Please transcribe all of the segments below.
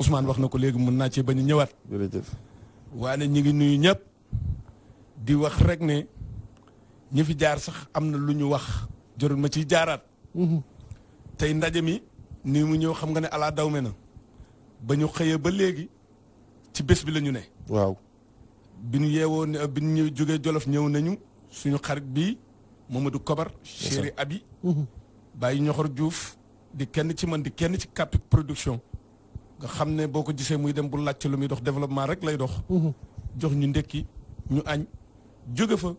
Ousmane wax na ko léegi mun naa cee bañ ñëwaat. jërëjëf waane ñi ngi nuyu ñëpp di wax rek ne ñi fi jaar sax am na lu ñu wax jarul ma ciy jaaraat. Mhm. tey ndaje mi nii mu ñëw xam nga ne alaa daw me na ba ñu xëyee ba léegi ci bés bi lañu ne. waaw bi ñu yeewoo bi ñu jógee Jolof ñëw nañu suñu xarit bi Mamadou Kobar. Chéri Abi. Mhm. Baye Ñoxor Diouf di kenn ci man di kenn ci Cap Production. nga xam ne boo ko gisee muy dem bu laajte lu muy dox développement rek lay dox. Mhm. jox ñu ndekki ñu añ jóge fa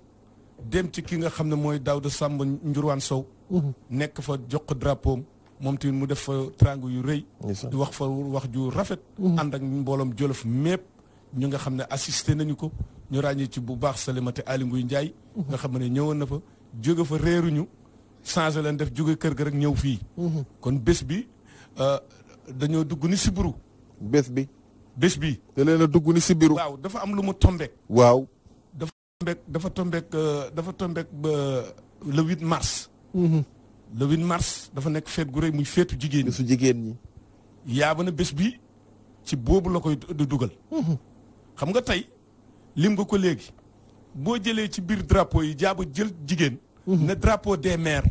dem ci ki nga xam ne mooy Daouda Samb Njurwaan Sow. Mhm. nekk fa jox ko drapeau moom tamit mu def fa trangu yu rëy. di wax fa wax ju rafet. Mhm. ànd ak mbooloom Jolof mépp ñu nga xam ne assisté nañu ko ñu ràññee ci bu baax Salimata Aly Ngouille Ndiaye. nga xam ne ñëwoon na fa jóge fa réeruñu changé leen def jóge kër ga rek ñëw fii. kon bés bi. Euh, dañoo dugg ni si buru bés bi. bés bi. da leen a dugg ni si biru. waaw dafa am lu ma tombé. waaw. dafa tombé dafa tombé euh, dafa tombé ba le huit mars. Mhm. le huit mars dafa nekk feet gu rëy muy feetu jigéen ñi. su jigéen ñi. yaaba na bés bi ci boobu la koy dugal. Mhm. xam nga tey lim nga ko léegi boo jëlee ci biir drapeau yi jaaba jël jigéen. Mhm. ne drapeau des mères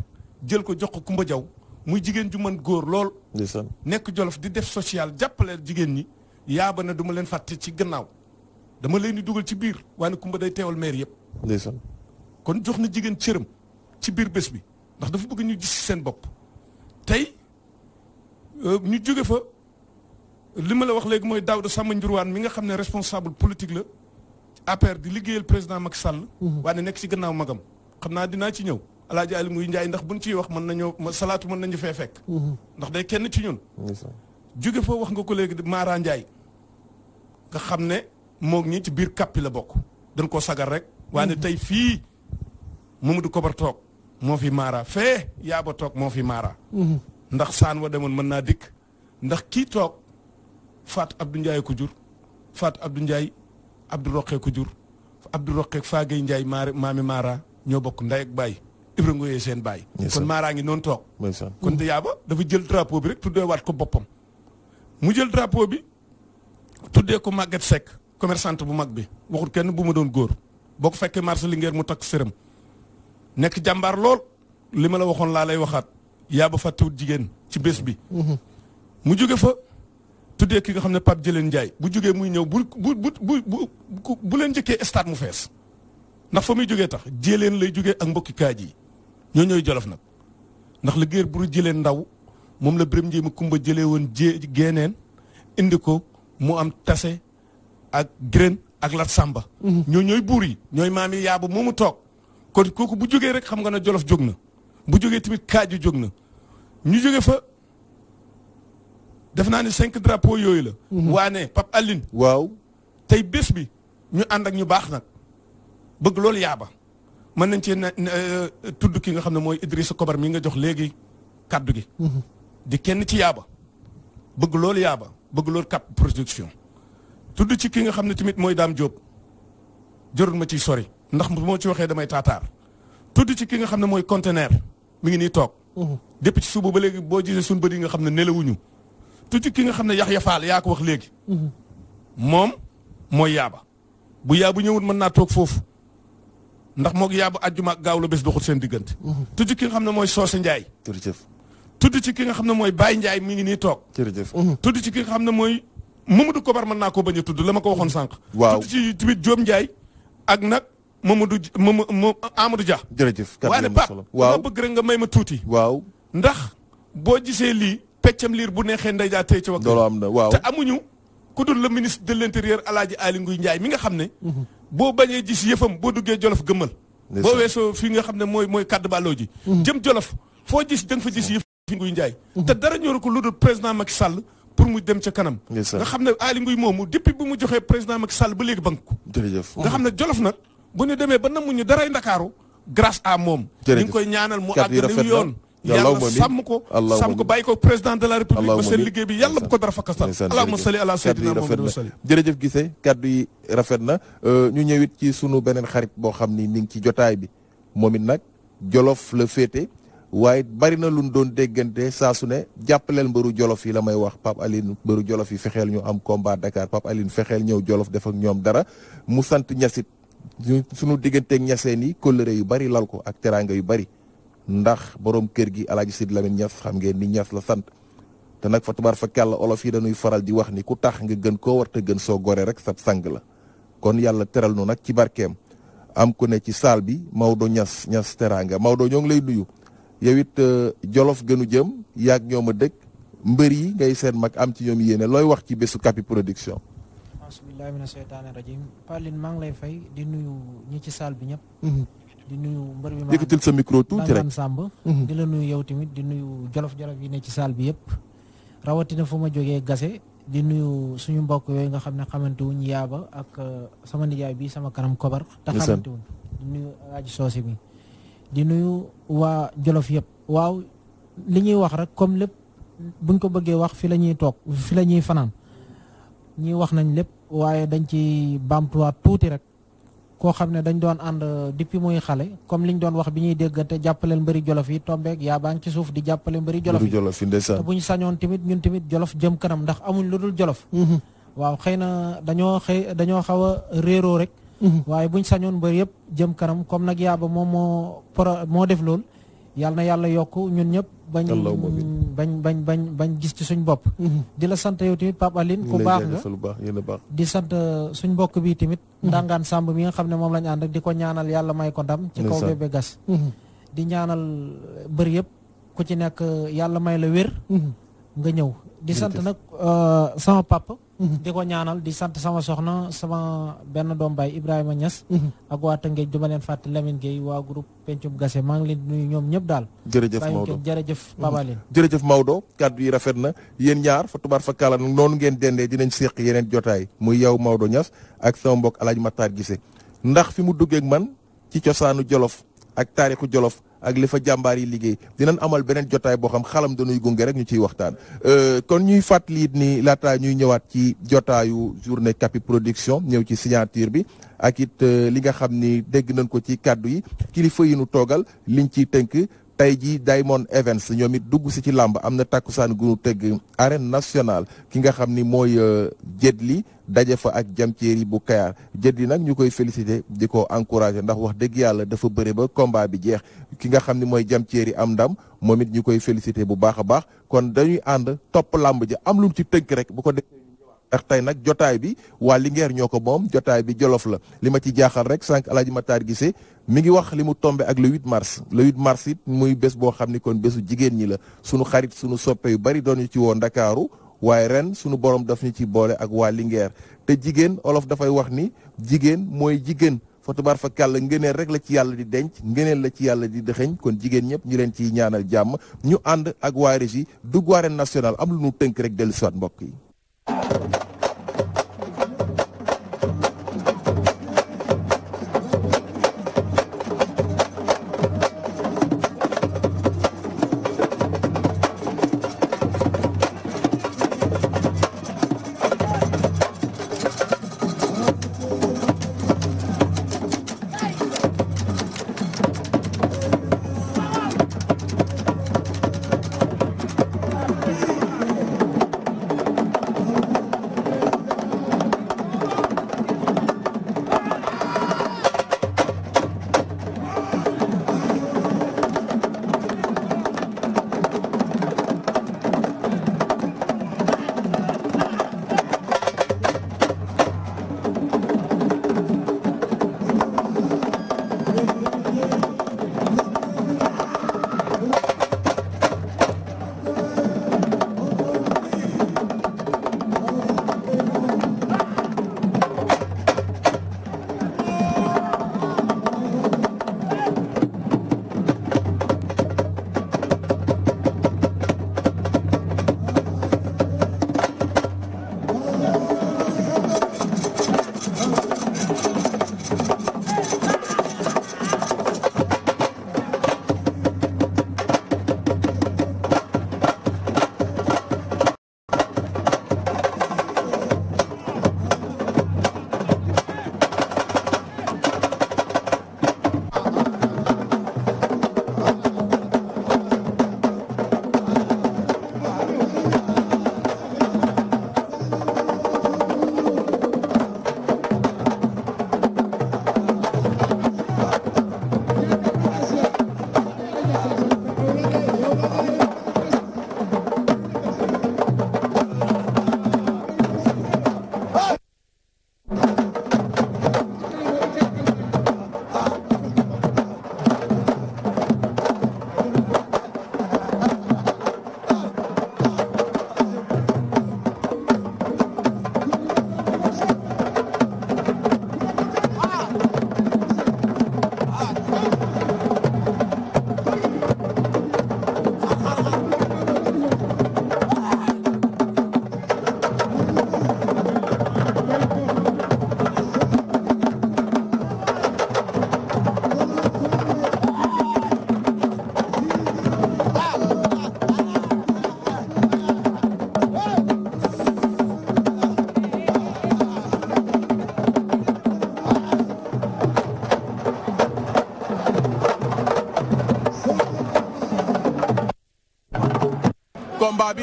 jël ko jox ko Kumba Jaw muy jigéen ju mën góor lool. nekk jolof di def social jàppale jigéen ñi. yaaba na du ma leen fàtte ci gannaaw dama leen dugal ci biir waaye kumba day teewal maire yëpp. ndeysaan kon jox na jigéen cëram ci biir bés bi ndax dafa bëgg ñu si seen bopp. tey euh, ñu jóge fa li ma la wax léegi mooy Daouda Samba Ndiourouane mi nga xam ne responsable politique la APR di liggéeyal président mag Sall. Mm-hmm. waaye nekk ci gannaaw magam xam naa dinaa ci ñëw. alaaji ali muy njaay ndax buñ ciy wax mën nañoo salaatu mën nañu fee fekk mhm. ndax day kenn ci ñun jóge foo wax nga ko léegi Mara njaay nga xam ne moog ñi ci biir kàppi bokk dañ koo sagar rek waane mhm. tey fii Mamadou Kobar toog moo fi Mara fee yaaba toog moo fi Mara mhm. ndax saan wa demoon mën naa dikk ndax kii toog Faat Abdou Ndiaye ko jur Faat Abdou Ndiaye Abdou Roqee ko jur Abdou Roqee Faagay Ndiaye maami Mara ñoo bokk ndey ak baay Ibra Ngoye seen baay kon maaraa ngi noonu toog kon dayaa ba dafa jël bi rek tuddee ko boppam mu jël drapeau bi tuddee ko Maguette Seck commerçante bu mag bi waxul kenn bu ma doon góor boo ko fekkee marché Linguère mu takk sërëm nekk jàmbaar lool li ma la waxoon laa lay waxaat yaa ba fàttewut jigéen ci bés bi mm-hmm. mu jóge fa tuddee ki nga xam ne Pape Jëleen Ndiaye bu jógee muy ñëw bu bu bu bu bu leen njëkkee stade mu fees ndax fa muy jógee tax jéleen lay jógee ak mbokki kaaj yi ñoo ñooy jolof nag ndax liggéey bu jëlee ndaw moom la Birame Ndiémy Kumba jëlee woon jé géneen indi ko mu am tase ak Green ak Lat Samba. Mhm. ñoo ñooy buur yi ñooy maam yi moo moomu toog kon kooku bu jógee rek xam nga ne jolof jóg na bu jógee tamit kaaju jóg na ñu jóge fa def naa ne cinq drapo yooyu la. Mhm. waane Pape Aline. waaw tey bés bi ñu ànd ak ñu baax nag bëgg loolu yaaba. mën nañ ci euh, tudd ki nga xam ne mooy Idrissa Kobar mi nga jox léegi kàddu gi. Mm-hmm. di kenn ci yaaba. bëgg loolu yaaba bëgg loolu cap production. tudd ci ki nga xam ne tamit mooy daam jóob jarul ma ciy sori ndax bu moo ci waxee damay taataar tudd ci ki nga xam ne mooy conteneur mu ngi nii toog. Mm-hmm. depuis ci suba ba léegi boo gisee suñu bët yi nga xam ne nelawuñu. tudd ki nga xam ne Yaxya Fall yaa ko wax léegi. Mm-hmm. moom mooy yaaba bu yaabu ñëwul mën naa toog foofu. ndax moog yaabu àjjuma ak gaaw la bés doxul seen diggante. Mhm. tudd ki nga xam ne mooy Socé Ndiaye. jërëjëf tudd ci ki nga xam ne mooy Baye Ndiaye mi ngi nii toog. jërëjëf mhm. tudd ci ki nga xam ne mooy Mamadou Kobar mën naa ko bañ a tudd la ma ko waxoon sànq. waaw tudd ci tamit Diome njaay ak nag a Mamadou Amadou Dia. jërëjëf waaye Pape waaw ma bëgg rek nga may ma tuuti. waaw ndax boo gisee lii peccam liir bu neexee nday jaa tey ci wax. loolu am na waaw te amuñu ku dul le ministre de l'intérieur Alaaji Ali Nguy njaay mi nga xam ne mhm. boo bañee gis yëfam boo duggee jolof gëmmal boo weesoo fii nga xam ne mooy mooy kàddu bàlloo ji mm-hmm. jëm jolof foo gis da nga fa gis mm-hmm. yëf nguy njaay mm-hmm. te dara ñor ko lu dul président Macky Sall pour mu dem ca kanam nga xam ne Aly Ngouille moomu depuis bu mu joxee président Macky Sall ba léegi bank ko nga xam ne jolof nag bu ñu demee ba ñu daray ndakaaru grâce à moom ñu ngi koy ñaanal mu àgg yoon yàlla sàmm ko sàmm ko bàyyi ko président de la république ba seen liggéey bi yàlla bu ko dara fakkasal allahumma salli ala sayyidina muhammad wa sallim jërëjëf gisee kàddu yi rafet na euh, ñu ñëwit ci sunu beneen xarit boo xam ni ni ngi ci jotaay bi moom it nag jolof la féete waaye bari na lu ñu doon déggante saa su ne jàppaleel mbëru jolof yi la may wax Pape Aline mbëru jolof yi fexeel ñu am combat Dakar Pape Aline fexeel ñëw jolof def ak ñoom dara mu sant ñasit suñu digganteeg ñaseen yi kóllëre yu bari lal ko ak teraanga yu bari ndax boroom kër gi alaaji Sidi Lamine Niass xam ngeen ni Niass la sant te nag fa tubaar fa kàlla olof yi dañuy faral di wax ni ku tax nga gën koo war gën soo gore rek sab sang la kon yàlla teral nu nag ci barkeem am ku ne ci saal bi Maodo Niass Niass teraanga Maodo ñoo ngi lay nuyu yow it euh, jolof gënu jëm yaag ñoom a dëkk mbër yi ngay seen mag am ci ñoom yéene looy wax ci bésu Kapi Production. bismillaahi mina seytaani bi di nuyu mbër bi ma yëkkatil sa mhm. di la nuyu yow tamit di nuyu jolof-jolof yi ne ci salle bi yëpp rawatina fu ma jógee gase di nuyu suñu mbokk yooyu nga xam ne xamante wuñ yaaba ak uh, sama nijaay bi sama kanam kobar te xamante wuñ di nuyu aji soosi bi di nuyu waa jolof yëpp waaw li ñuy wax rek comme lépp buñ ko bëggee wax fi la ñuy toog fi la ñuy fanaan ñi wax nañ lépp waaye dañ ci baamtuwaat tuuti rek koo xam ne dañ doon ànd euh, depuis muy xale comme liñ doon wax bi ñuy déggante jàppaleel mbëri jolof yi tombeeg yaa baa ngi suuf di jàppale mbëri jolof yi te bu ñu sañoon tamit ñun tamit jolof jëm kanam ndax amuñ lu dul jolof mm-hmm. waaw xëy na dañoo xëy dañoo xaw a réeroo rek mm-hmm. waaye buñ sañoon mbër yëpp jëm kanam comme nag yaaba moom moo pro moo def loolu yàlla na yàlla yokk ñun ñëpp bañ bañ bañ bañ bañ gis ci suñ bopp mhm. di la sant yow tamit Pape Aline ku baax nga di sant uh, suñ mbokk bi tamit mhm. ndangaan sàmb mi nga xam ne moom lañ ànd di ko ñaanal yàlla may ko ndam ci kaw bébé gas mhm. di ñaanal uh, bër yëpp ku ci nekk uh, yàlla may la wér nga ñëw di sant nag sama papa di ko ñaanal di sant sama soxna sama benn doom baay Ibrahima ñas mhm. ak waa Tëngéej du ma leen fàtte Lamine Gueye waa groupe Pencum gase maa ngi leen di ñoom ñëpp daal. jërëjëf Maodo jërëjëf mhm. Baba Leen. jërëjëf Maodo kàddu yi rafet na yéen ñaar fa tubaar fa kàlla noonu ngeen dendee dinañ séq yeneen jotaay muy yow Maodo Niass ak sama mbokk El Hadj Matar Guissé ndax fi mu duggee man ci cosaanu jolof ak taarixu jolof ak li fa jàmbaar yi liggéey dinañ amal beneen jotaay boo xam xalam dañuy gunge rek ñu ciy waxtaan. Euh, kon ñuy fàttali it ni laata ñuy ñëwaat ci jotaayu journée Kapi Production ñëw ci signature bi ak it euh, li nga xam ni dégg nañ ko ci kàddu yi kilifa yi nu toogal liñ ciy tënk. tey jii Diamond Events ñoom it dugg si ci làmb am na takkusaan gu tëgg arène nationale ki nga xam ni mooy euh, Jetli daje fa ak jamteeri bu Kayar Jetli nag ñu koy félicité di ko encouragé ndax wax dëgg yàlla dafa bëri ba combat bi jeex ki nga xam ni mooy jamteeri am ndam moom it ñu koy félicité bu baax a baax kon dañuy ànd topp làmb ji am lu ci tënk rek ak tey nag jotaay bi waa Linguère ñoo ko moom jotaay bi Jolof la li ma ci jaaxal rek sànq Alaaji Matar Gise mi ngi wax li mu tombe ak le 8 mars le 8 mars muy bés boo xam ni kon bésu jigéen ñi la sunu xarit sunu soppe yu bari doon ñu ci woon Ndakaaru waaye ren sunu boroom daf ñu ci boole ak waa Linguère te jigéen olof dafay wax ni jigéen mooy jigéen fa tubaar fa kàll ngëneel rek la ci yàlla di denc ngëneel la ci yàlla di dëxëñ kon jigéen ñëpp ñu leen ciy ñaanal jàmm ñu ànd ak waa régie dugg waa am lu nu tënk rek dellusiwaat mbokk yi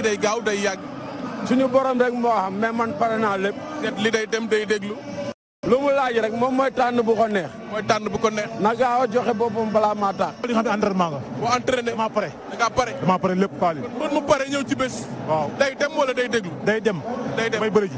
day gaaw day yàgg. suñu borom rek moo xam mais man pare naa lép li day dem day déglu. lu mu laaj rek moom mooy tànn bu ko neex. mooy tànn bu ko neex. na gaaw a joxe boppam balaa maa tax. li nga xam ne entraînement nga. boo entraîné damaa pare. da ngaa pare damaa pare lépp kaali. kon mu pare ñëw ci bés. waaw day dem wala day déglu. day dem may bëri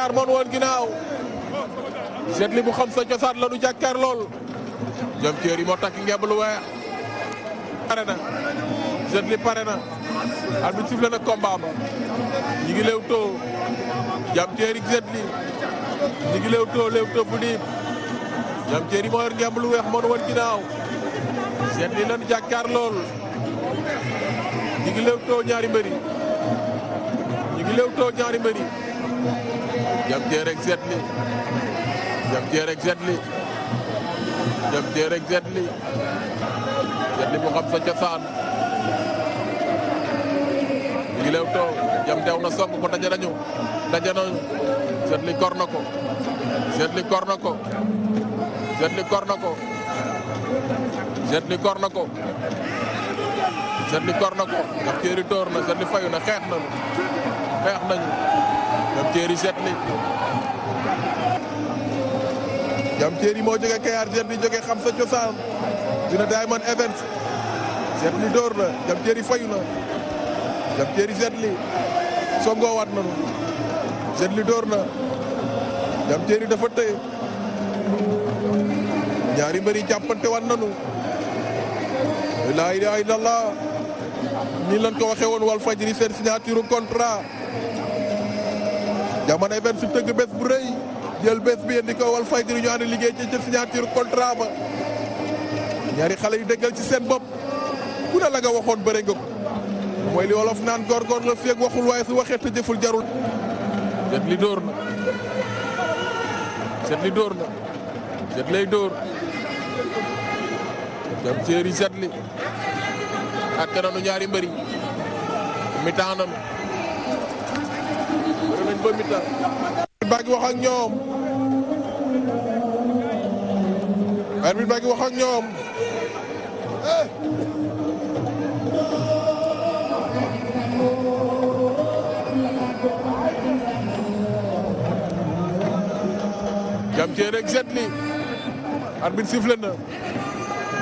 ñaar moon woon ginnaaw Jet Li bu xam sa cosaat la moo takk ngemb lu weex pare na Jet Li pare na arbitre sifflé na combat ba ñi ngi leew too Diam Terry Jet Li ñi ngi leew too moo yor ngemb lu weex moon woon ginnaaw Jet Li la nu jàkkaar lool ñi ngi leew too ñaari mbëri ñi ngi leew ñaari mbëri jam jeerek setli jam jeerek setli jam jeerek setli setli mu xam sa cosaan ngi leew to jam teew na song ko daje nañu daje nañu setli kor na ko setli kor na ko setli kor na ko setli kor na ko setli kor na ko jam jeeri door na setli fayu na xeex nañu xeex nañu jam ceeri set ni jam ceeri moo jóge Kayar set ni jóge xam sa cosaan dina Diamond Events set ni dóor na jam ceeri fayu na jam ceeri set li songoo waat nanu set li na jam ceeri dafa tëye ñaari mbër yi jàppante waat nanu laa ilaaha illallah ni lan ko waxee woon Walfadjri seen signature contrat jamono benn su tëgg bés bu rëy jël bés bi indi ko wal fajri ñu ànd liggéey ci ci signature contrat ñaari xale yu dëggal ci seen bopp ku ne la nga waxoon bëre nga ko mooy li wolof naan góorgóor la feeg waxul waaye su waxee te jëful jarul. Jet Li dóor na Jet Li dóor na Jet lay dóor dem céeri Jet Li ak kanamu ñaari mbëri mi tax nañ ba mi-temps. arbitre baa wax ak ñoom. arbitre baa ngi wax ak ñoom. jam cee rek na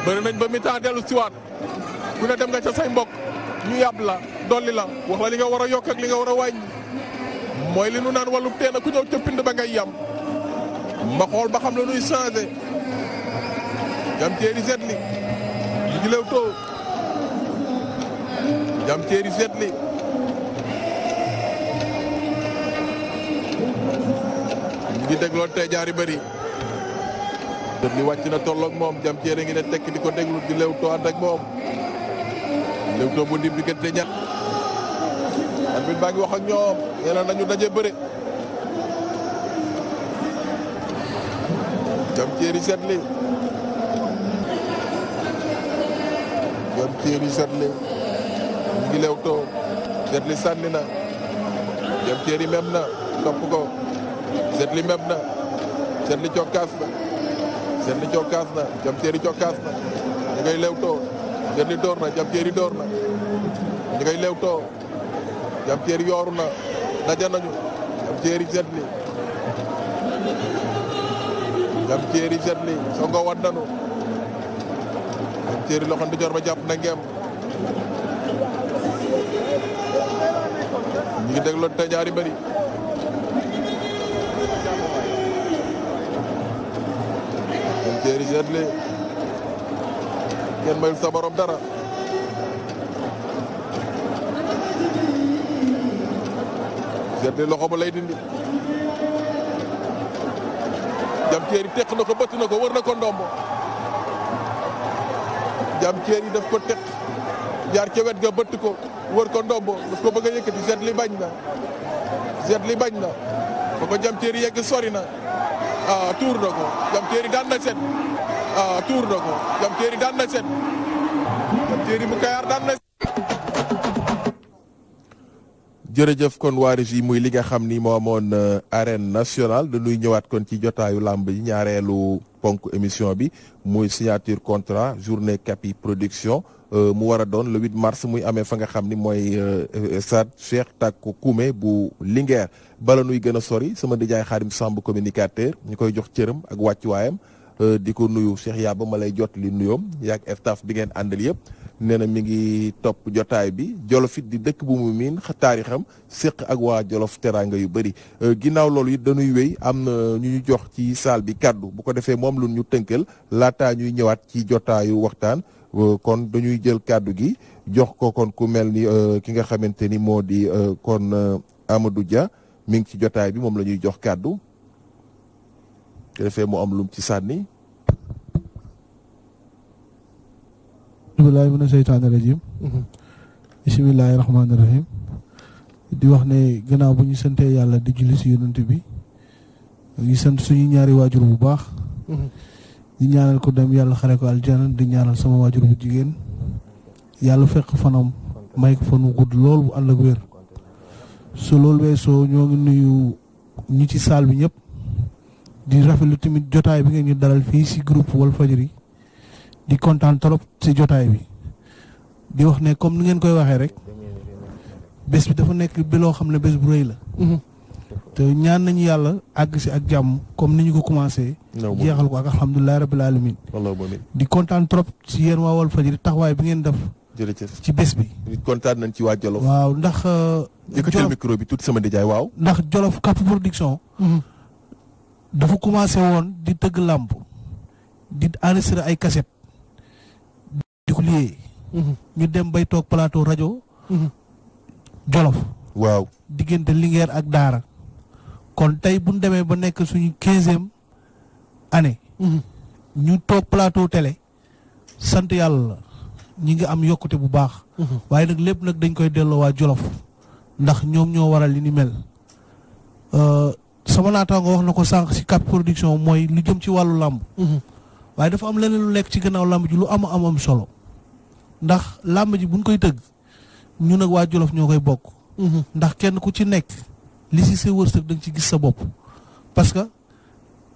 bëri nañ ba mi dellu si waat ku ne dem nga ca say mbok ñu yàbb la dolli la wax la li nga war a yokk li nga war a wàññi mooy li nu naan wàllu teen a ku ñëw ca pind ba ngay yam ma ba xam la nuy changé jam teeri setli ñu ngi lew jam teeri setli ñu ngi dégloon tey jaari bëri jot li wàcc na tolloog moom jam teeri ngi ne tekk di ko déglu di lew too ànd moom lew too bu ndim diggante arbitre baa ngi wax ak ñoom nee na nañu daje bëre jam téeri setli jam téeri setli ñu ngi setli sànni na jam téeri mem na topp ko setli mem na setli cokkaas na setli cokkaas na jam téeri cokkaas na ñu ngay leew too setli door na jam téeri door na ñu ngay leew too jam teeri yooru na daje nañu jam teeri jetli jam teeri jetli songo wat jam teeri loxo ba jàpp na ngeem ñu ngi dégloon te jam teeri jetli kenn mayul sa borom dara diggante loxo ba lay dindi jam ceeri teq na ko bëtt na ko wër na ko ndombo jam ceeri daf ko teq jaar ca ga bëtt ko wër ko ndombo daf ko bëgg a yëkkati seet bañ na seet li bañ na ba jam ceeri yegg sori na a ah, tuur na ko jam ceeri ah, daan na seet jam ceeri bu kayaar daan na jërëjëf kon waa Régis muy li nga xam ni moo amoon euh, arène nationale dañuy ñëwaat kon ci jotaayu làmb yi ñaareelu ponk émission bi muy signature contrat journée Kapi production euh, mu war a doon le 8 mars muy amee fa nga xam ni mooy euh, stade Cheikh Tako Koumé bu Linguère bala nuy gën a sori sama nijaay Xaadim Samb communicateur ñu koy jox cëram ak wàccuwaayam di ko nuyu yaa ba ma lay jot li nuyoom yaak staff bi ngeen àndal yëpp. nee na mi ngi topp jotaay bi jolofit di dëkk bu mu miin taarixam séq ak waa jolof teraanga yu bari euh, ginnaaw loolu it dañuy wéy am na ñu ñu jox ci saal bi kàddu bu ko defee moom lu ñu tënkal laataa ñuy ñëwaat ci jotaayu waxtaan euh, kon dañuy jël kàddu gi jox ko kon ku mel ni euh, ki nga xamante ni moo di kon amadu ja mi ngi ci jotaay bi moom lañuy jox kàddu ko defee mu am lum ci sànni bismillaahi mina seytaani rajiim mhm. bismillaahi rahmaani rahiim di wax ne gannaaw bu ñu santee yàlla di julli si yonent bi ñu sant suñu ñaari waajur bu baax mhm. di ñaanal ko dem yàlla xare ko aljana di ñaanal sama waajur bu jigéen yàlla fekk fanam may ko fanu gudd lool bu àll ak wér su loolu weesoo ñoo ngi nuyu ñi ci saal bi ñëpp di rafetlu tamit jotaay bi ngeen ñu dalal fii si groupe Walfadjri di kontaan trop ci jotaay bi di wax ne comme ni ngeen koy waxee rek bés bi dafa nekk bi loo xam ne bés bu rëy la. Mhm. te ñaan nañu yàlla àgg si ak jàmm comme ni ñu ko commencé. jeexal ko ak alhamdulilah rabil alamin di kontaan trop si yéen waa Walfadjri taxawaay bi ngeen def. jërëjëf ci bés bi. kontaan nañ ci waa Jolof. waaw ndax. jëkkatil euh, micro bi tuuti sama nijaay waaw. ndax Jolof Cap Production. Mhm. dafa commencé woon di tëgg làmb di enregistré ay kaset bouclier. Mhm. ñu dem bay toog plateau rajo. Mhm. Jolof. waaw diggante Linguère ak Daara. kon tey bu ñu demee ba nekk suñu quinzième année. Mhm. ñu toog plateau télé. sant yàlla ñi ngi am yokkute bu baax. waaye nag lépp nag dañ koy delloo waa Jolof. ndax ñoom ñoo waral li ni mel. Euh, sama nga wax na ko sànq si cap production mooy lu jëm ci wàllu làmb. waaye dafa am leneen lu nekk ci gannaaw làmb ji lu am am am solo. ndax làmb ji buñ koy tëgg ñu ak waa Jolof ñoo koy bokk. Mhm. ndax kenn ku ci nekk li si sa wërsëg da ci gis sa bopp. parce que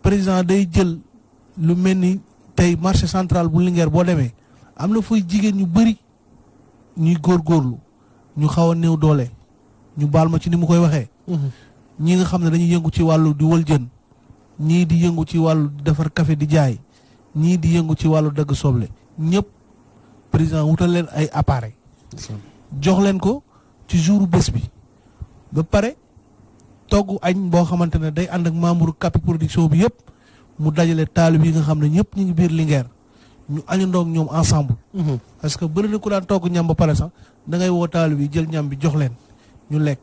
président day jël lu mel ni tey marché central bu Linguère boo demee am na fooy jigéen ñu bëri ñuy góor góorlu ñu xaw a néew doole ñu baal ma ci ni mu koy waxee. Mhm. ñi nga xam ne dañuy yëngu ci wàllu di wël jën ñii di yëngu ci wàllu di defar café di jaay ñii di yëngu ci wàllu dagg soble ñëpp. président wutal leen ay appareil jox leen ko ci jour bés bi ba pare togg añ boo xamante ne day ànd ak membre capi production bi yëpp mu dajale taalib yi nga xam ne ñëpp ñu ngi biir Linguère ñu añandoog ñoom ensemble. Mhm. parce que bëri na ku daan togg ñam ba pare sax dangay ngay woo taalib yi jël ñam bi jox leen ñu lekk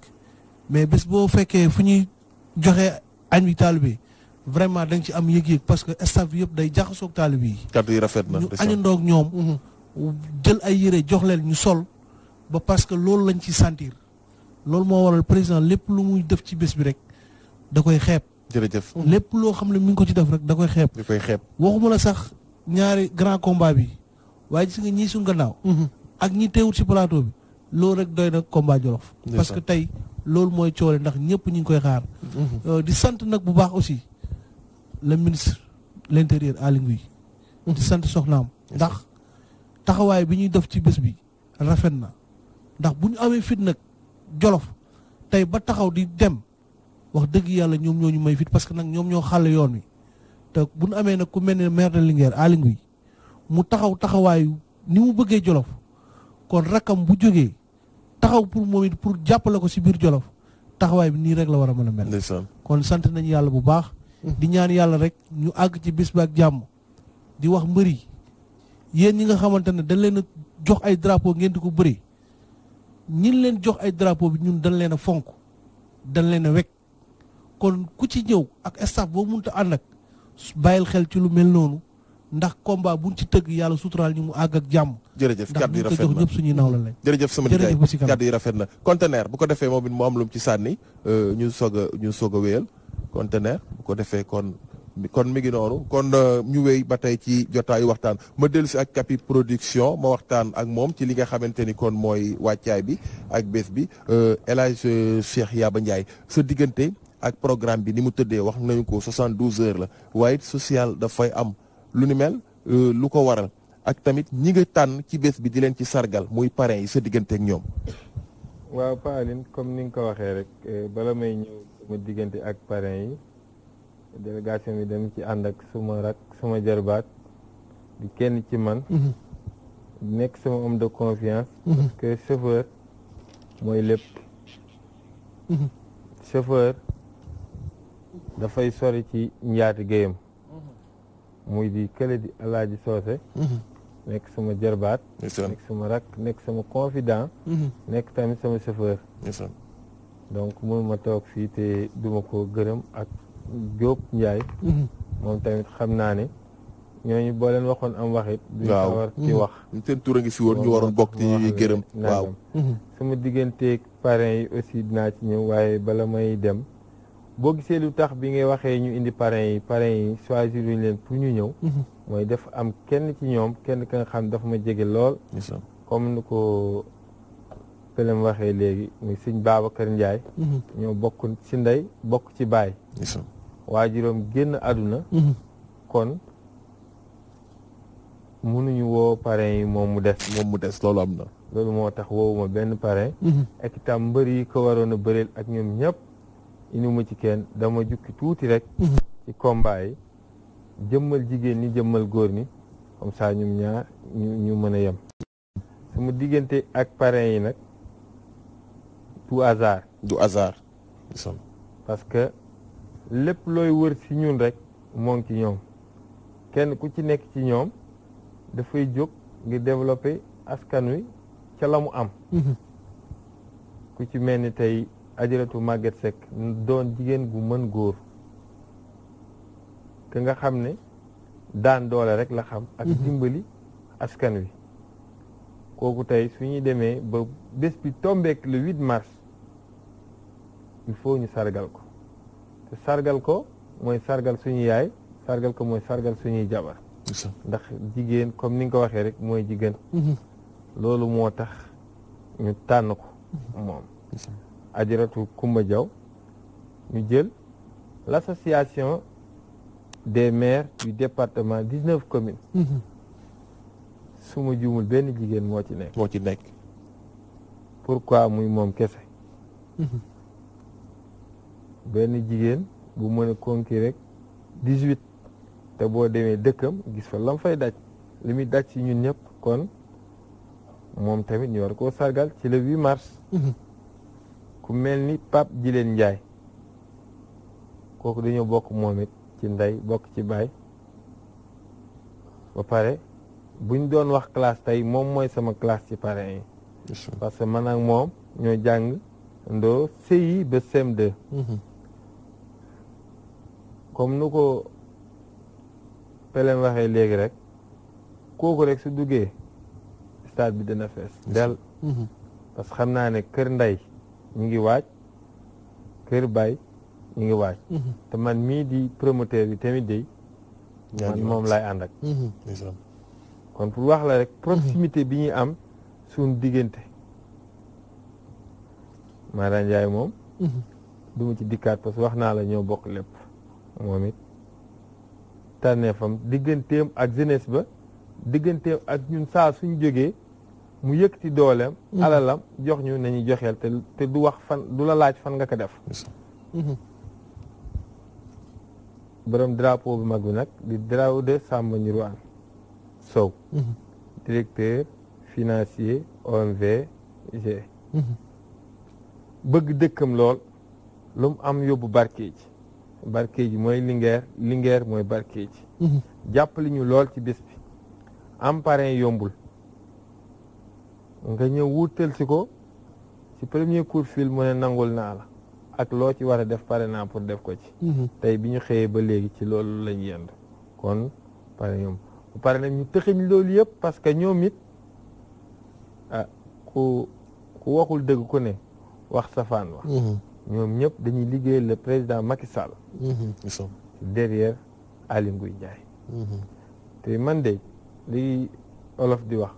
mais bés boo fekkee fu ñuy joxe añ bi taalib yi vraiment ci am yëg-yëg parce que staff yëpp day jaxasoog taalib yi. kaddu yi rafet na ñu añandoog ñoom. Mhm. jël ay yére jox leen ñu sol ba parce que loolu lañ ci sentir loolu moo waral président lépp lu muy def ci bés bi rek da koy xeeb. jërëjëf lépp loo xam ne mi ko ci def rek da koy xeeb. da koy xeeb waxuma la sax ñaari grand combat bi waaye gis nga ñii suñ gannaaw. Mhm. ak ñi teewut ci plateau bi loolu rek doy na combat jolof. parce que tey loolu mooy coole ndax ñëpp ñu ngi koy xaar. Mhm. Euh, di sant nag bu baax aussi la ministre l' intérieur mhm. di sant soxnaam ndax. taxawaay bi ñuy def ci bés bi rafet na ndax bu ñu amee fit nag jolof tey ba taxaw di dem wax dëgg yàlla ñoom ñoo ñu may fit parce que nag ñoom ñoo xàll yoon wi te bu ñu amee nag ku mel ne maire de Linguère Aly mu taxaw taxawaayu ni mu bëggee jolof kon rakkam bu jógee taxaw pour moom it pour jàppale ko si biir jolof taxawaay bi nii rek la war a mën a mel. kon sant nañu yàlla bu baax. di ñaan yàlla rek ñu àgg ci bés ba ak jàmm di wax mbër yi yéen ñi nga xamante ne dañ leen a jox ay drapo ngeen di ko bëri ñi leen jox ay drapo bi ñun dañ leen a fonk dañ leen a wekk kon ku ci ñëw ak staff boo mënta ànd ak bàyyil xel ci lu mel noonu ndax bu buñ ci tëgg yàlla suturaal ñu mu àgg ak jàmm. jërëjëf kàddu yi rafet na ndax ñëpp suñuy naaw la lañ. jërëjëf sama nijaay kàddu yi rafet na conteneur bu ko defee moom it mu am lu ci sànni euh, ñu soog a ñu soog a wéyal conteneur bu ko defee kon. kon mi ngi noonu kon euh, ñu wéy ba tey ci jotaayu waxtaan ma dellu si ak Kapi Production ma waxtaan ak moom ci li nga xamante ni kon mooy wàccaay bi ak bés bi euh, El Hadj euh, Cheikh ba Ndiaye sa diggante ak programme bi ni mu tëddee wax nañu ko 72 heures la waaye social dafay am lu ni mel lu ko waral ak tamit ñi nga tànn ci bés bi di leen ci sargal muy parrain yi sa diggante ak ñoom. waaw Pa Aline comme ni nga ko waxee rek bala may ñëw sama diggante ak parrain yi. délégation bi dem ci ànd ak suma rak suma jarbaat di kenn ci man mhm. nekk sama homme de confiance mhm. parce que chauffeur mooy lépp mhm. chauffeur dafay sori ci njaati géyam muy di kële di alaaji soose nekk sama jarbaat nekk sama rak nekk sama confident nekk tamit sama chauffeur donc mënuma toog fii te duma ko gërëm ak Diop Ndiaye. Mhm. moom tamit xam naa ne ñooñu boo leen waxoon am waxit duñ sawar ci mhm. wax seen tur a ngi fi woon ñu waroon bokk ci ñuy gërëm waaw mhm. sama digganteeg parrains yi aussi dinaa ci ñëw waaye bala may dem boo gisee lu tax bi ngay waxee ñu indi parrains yi parrains yi choisir ñu leen pour ñu ñëw mooy dafa am kenn ci ñoom kenn ka nga xam dafa ma jege lool comme nu ko pelem waxee léegi siñ sëñ Babacar njaay ñoo bokk ci ndey bokk ci baay waa waajuram génn àdduna mhm. kon mënuñu woo parrain yi moom mu des moom mu des loolu am na loolu moo tax woowuma benn parrain mhm. ak mbër yi ko waroon a bëreel ak ñoom ñëpp inuma ci kenn dama jukki tuuti rek mhm. ci combat jëmmal jigéen ñi jëmmal góor ñi comme saa ñum ñu mën a yem sama diggante ak parrain yi nag du du hasard parce que lépp looy wër ci ñun rek moo ngi ci ñoom kenn ku ci nekk ci ñoom dafay jóg ngir développer askan wi ca la mu am mhm. ku ci mel ni tey ajaratu Maguette Seck doon jigéen gu mën góor ka nga xam ne daan doole rek la xam ak mhm. dimbali askan wi kooku tey su ñu demee ba bés bi tombeek le 8 mars il faut ñu sargal ko te sargal ko mooy sargal suñu yaay sargal ko mooy sargal suñuy jabar ndax jigéen comme ni nga ko waxee rek mooy jigéen mhm. loolu moo tax ñu tànn ko mhm. moom ajaratu Kumba Jaw ñu jël l'association des maires du département dix-neuf communes mhm. su ma juumul benn jigéen moo ci nekk moo ci nekk pourquoi muy moom kese benn jigéen bu mën a rek dix-huit te boo demee dëkkam gis fa lam fay daj li muy daj ci ñun ñëpp kon moom tamit ñu war koo sargal ci la huit mars mhm. ku mel ni Pape Jileen Njaay kooku dañoo bokk moom it ci ndey bokk ci baay ba pare buñ doon wax classe tey moom mooy sama classe ci pare yi parce que man ak moom ñoo jàng ndoo CI ba CM2 comme nu ko pelem waxee léegi rek kooku rek su duggee stade bi dina fees del mhm. parce que xam naa ne kër ndey ñu ngi waaj kër bay ñu ngi waaj mhm. te man mii di promoteur bi tamit day man moom laay ànd ak mhm. kon pour wax la rek proximité bi ñuy am suñ diggante Mara Ndiaye moom du ci dikkaat parce que wax naa la ñoo bokk lépp moom it tànneefam digganteem ak jeunesse ba digganteem ak ñun saa suñ jógee mu yëkkati doolem mhm. alalam jox ñu nañu joxeel te du wax fan du la laaj fan nga ko def mhm. borom drapeau bu mag bi nag di Daouda Samba Ndirouane Sow mhm. directeur financier OMVG bëgg dëkkam lool lu mu am yóbbu barke ci Barkeeji mooy Linguère Linguère mooy Barkeeji. Mhm. jàppale ñu lool ci bés bi am parrain yombul nga ñëw wuutal si ko ci premier coup de mu ne nangul naa la ak loo ci war a def pare naa pour def ko ci. Mhm. tey bi ñu xëyee ba léegi ci loolu lañ yend kon parrain yombul bu pare nag ñu tëxiñ loolu yëpp parce que ñoom it ah ku ku waxul dëgg ku ne wax safaan wax. Mhm. ñoom ñëpp dañuy liggéey le président Macky Sall. Mhm. derrière Aly Ngouille Ndiaye. Mhm. te man de li olof di wax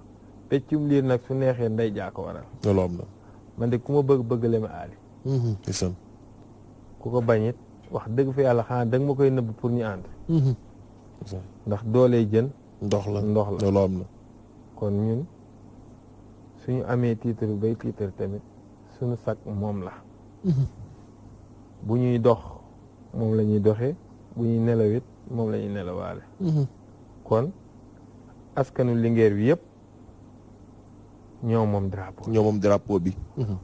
peccum liir nag su neexee ndey jaa ko waral. loolu am na man de ku ma bëgg bëggale ma Aly. Mhm. wax dëgg fa yàlla xanaa danga ma koy nëbb pour ñu ànd. ndax doolee jën. ndox la ndox la loolu am na. kon ñun ñu amee titre bay titre tamit suñu sakk moom la. bu ñuy dox moom lañuy ñuy doxee bu ñuy nelawit moom lañuy ñuy nelawaale mhm. kon askanu lingéer bi yëpp ñoo moom drapeau ñoo bi mhm.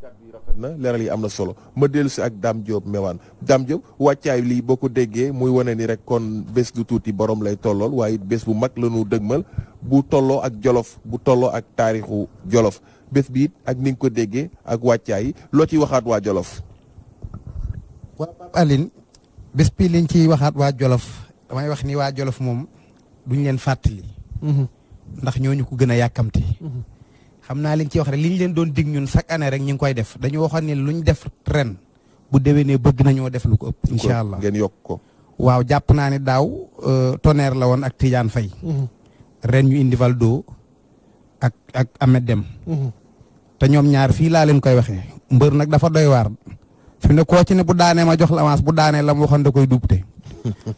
kàddu yi rafet na leeral yi am na solo ma dellu si ak Dame Diop Mewane Dame Diop wàccaay lii boo ko déggee muy wane ni rek kon bés du tuuti borom lay tollool waaye it bés bu mag la ñu dëgmal bu tolloo ak jolof bu tolloo ak taarixu jolof bés bi it ak ni nga ko déggee ak wàccaay yi loo ciy waxaat waa jolof waa Pape Aline liñ ciy waxaat waa Jolof damay wax ni waa Jolof moom duñ leen fàttali. Mhm. ndax ñoo ñu ko gën a yàkkamti. Mhm. xam naa liñ ciy wax rek liñ leen doon dig ñun chaque année rek ñu ngi koy def dañu waxoon ne luñ def ren bu déwénee bëgg nañoo def lu ko ëpp. incha yokk ko. waaw jàpp naa ne daaw euh, tonnerre la woon ak Tidiane Faye mhm. ren ñu indi Valdo ak ak Ahmed Dem te ñoom ñaar fii laa leen koy waxee mbër nag dafa doy waar fi ne koo ci ne bu daanee ma jox la bu daanee la mu waxoon da koy dubte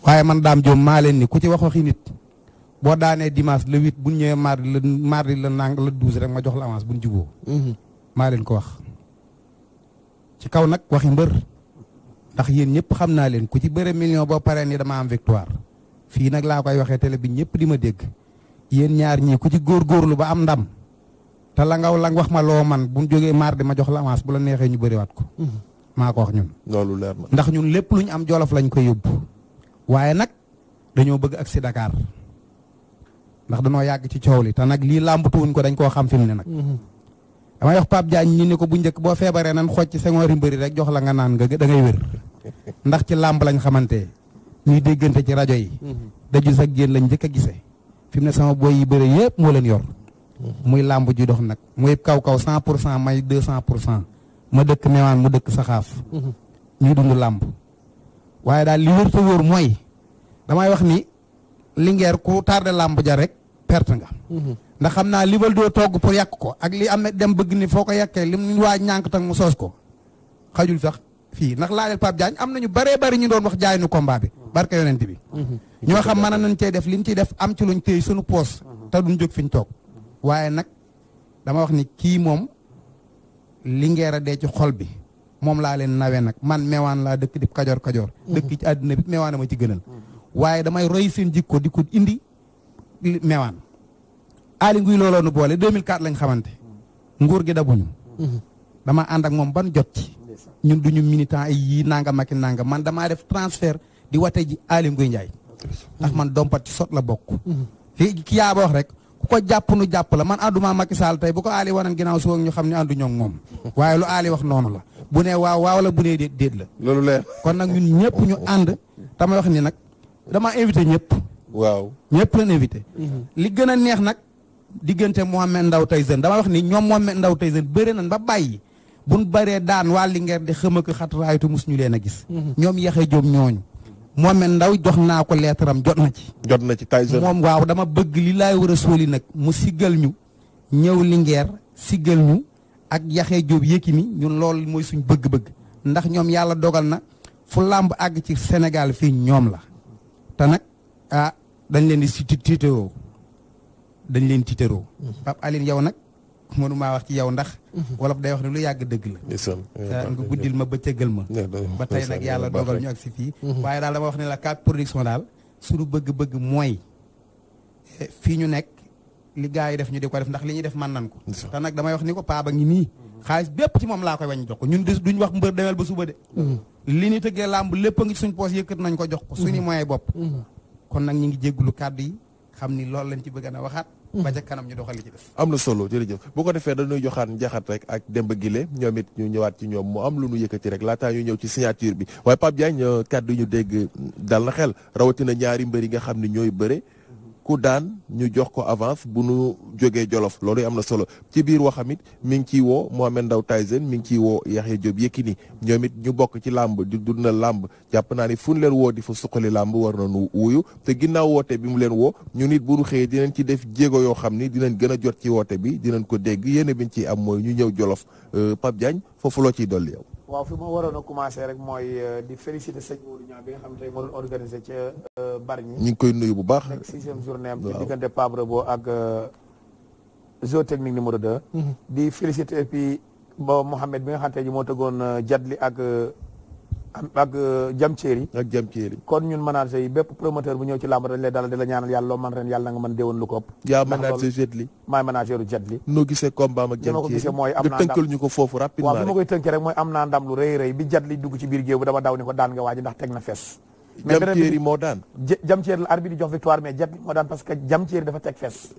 waaye man daam joom maa leen ni ku ci wax waxi nit boo daanee dimanche le huit bu ñëwee mardi le mardi le nang le douze rek ma jox la avance bu ñu juboo mm-hmm. leen ko wax ci kaw nag waxi mbër ndax yéen ñëpp xam naa leen ku ci bëre million boo paree ni dama am victoire fii nag laa koy waxee tele bi ñëpp di ma dégg yéen ñaar ñii ku ci góor góorgóorlu ba am ndam te la ngaw lang wax ma loo man bu ñu jógee mardi ma jox la bu la neexee ñu bëriwaat ko mm-hmm. maa ñun. loolu leer ndax ñun lépp lu ñu am jolof lañ koy yóbbu. waaye nag dañoo bëgg ak si Dakar ndax danoo yàgg ci coow li te nag lii làmbatu wuñ ko dañ koo xam fi mu ne nag. Mhm. dama yox Pape Diagne ñi ko bu njëkk boo feebaree nan xooj ci sengoori mbëri rek jox la nga naan nga da ngay wér ndax ci làmb lañ xamante ñuy déggante ci rajo yi. Mhm. daju sa génn lañ njëkk a gisee. fi mu ne sama boy yi bëre yëpp moo leen yor. Mhm. muy lamb ji dox nag muy kaw kaw 100 pour cent may 200 pour cent. ma dëkk Mewane mu dëkk Saxaaf. Mhm. ñuy dund làmb. waaye daal li wër te mooy damay wax ni Linguère ku tardé làmb ja rek perte nga. Mhm. ndax xam naa li doo togg pour yàq ko ak li am na dem bëgg ni foo ko yàqee lim waa ñànk tag mu soos ko xajul sax fii ndax laajal Pape Diagne am nañu bëree bëri ñu doon wax jaay nu combat bi barke yonent bi. Mhm. ñoo xam mën nañ cee def liñ ciy def am ci luñ téye suñu poos. te duñ jóg fi toog waaye nag dama wax ni kii moom. lingeer a dee ci xol bi moom laa leen nawe nag man meewaan laa dëkk di kajoor kajoor mm-hmm. dëkk ci àddina bi meewaan ma ci gënal mm-hmm. waaye damay roy seen jikko di ko indi meewaan aali nguy looloonu boole 2004 lañ xamante mm-hmm. nguur gi dabuñu dama ànd moom ban jot ci ñun duñu militant ay yii nanga maki nanga man damaa def transfert di wate ji aali nguy njaay ndax man dompat ci sot la bokk ki yaa ba rek ku ko jàpp nu jàpp la man ànduma Macky Sall tey bu ko aali wanan ginnaaw suba ñu xam ne àndu ñoom moom waaye lu aali wax noonu la bu nee waaw waaw la bu nee déet déet la. loolu leer kon nag ñun ñëpp ñu ànd dama wax ni nag dama invité ñëpp. waaw ñëpp lañ invité. li gën neex nag diggante Mohamed Ndao Tyson dama wax ni ñoom Mohamed ndaw Tyson bëre nañ ba bàyyi buñ bëree daan waa Linguère di xëm ak mus ñu leen a gis. Mhm. ñoom yaxe joom ñooñu. Mohamed Ndaw jox naa ko leetaram jot na ci. jot na ci Tyson moom waaw dama bëgg li laay war a sóoli nag mu siggal ñu ñëw Linguère siggal ñu ak Yaxya Jóob mi ñun lool mooy suñ bëgg-bëgg ndax ñoom yàlla dogal na fu làmb àgg ci Sénégal fii ñoom la te nag ah dañ leen di si tiitaroo dañ leen tiitaroo mm-hmm. Pape Aline yow nag mënu maa wax ci yow ndax wolof day wax ne lu yàgg dëgg la eh, eh, nga guddil ma eh, bëccëgal ma ba tey nag yàlla dogal ñu ak si fii mm-hmm. waaye daal dama wax ne la Cap Production daal suñu bëgg-bëgg mooy fii ñu nekk li gars yi def ñu di ko def ndax li ñuy def man nan ko te nag damay wax ni ko paa ba ngi nii xaalis bépp ci moom laa koy wañ jox ko ñun di duñ wax mbër demel ba suba de mm-hmm. li ñu tëggee làmb lépp a ngi suñ poos yëkkat nañ ko jox ko mm-hmm. suñu moyen bopp kon nag ñu ngi jéggulu kàddu yi xam ni loolu lañ ci bëgg na waxaat. Mm-hmm. ba kanam ñu doxal li ci def. am na solo jërëjëf boo ko defee dañuy joxaat njaxat rek ak Demba Gile ñoom it ñu ñëwaat ci ñoom moo am lu ñu yëkkati rek laataa ñu ñëw ci signature bi waaye Pape Diagne euh, kàddu ñu dégg dal na xel rawatina ñaari mbër yi nga xam ni ñooy bëre ku daan ñu jox ko avance bu nu jógee Jolof loolu am na solo ci biir waxam it mi ngi ciy woo Mohamed Ndao Tyson mi ngi ciy woo Yaxya Diop ni ñoom it ñu bokk ci làmb di dundal làmb jàpp naa ni fu ñu leen woo di fa suqali làmb war na nu wuyu te ginnaaw woote bi mu leen woo ñu nit bu nu xëyee dinañ ci def jéego yoo xam ni dinañ gën a jot ci woote bi dinañ ko dégg yéen biñ ciy am mooy ñu ñëw Jolof euh, pap Diagne foofu loo ciy dolli yow. waaw fi ma waroon a commencé rek mooy euh, di féliciter sëñ Modou Niang bi nga xam ne tey moo doon organisé ca euh, Bargny. ñu ngi koy nuyu bu baax. nekk sixième journée am. waaw ci diggante Pape Rebo ak euh, zootechnique numéro 2. Mhm. di féliciter et puis ba Mouhamed bi nga xam ne moo tëggoon Jadli ak. Euh, ak jam ceeri ak jam ceeri kon ñun manager yi bépp promoteur bu ñëw ci làmb dañ lay la ñaanal yàlla man ren yàlla nga mën déwoon lu yaa manager jet li maay manageru jet li noo ak jam ceeri moo daan jam ceeri la arbitre di jox victoire mais jet moo daan parce que jam ceeri dafa teg fees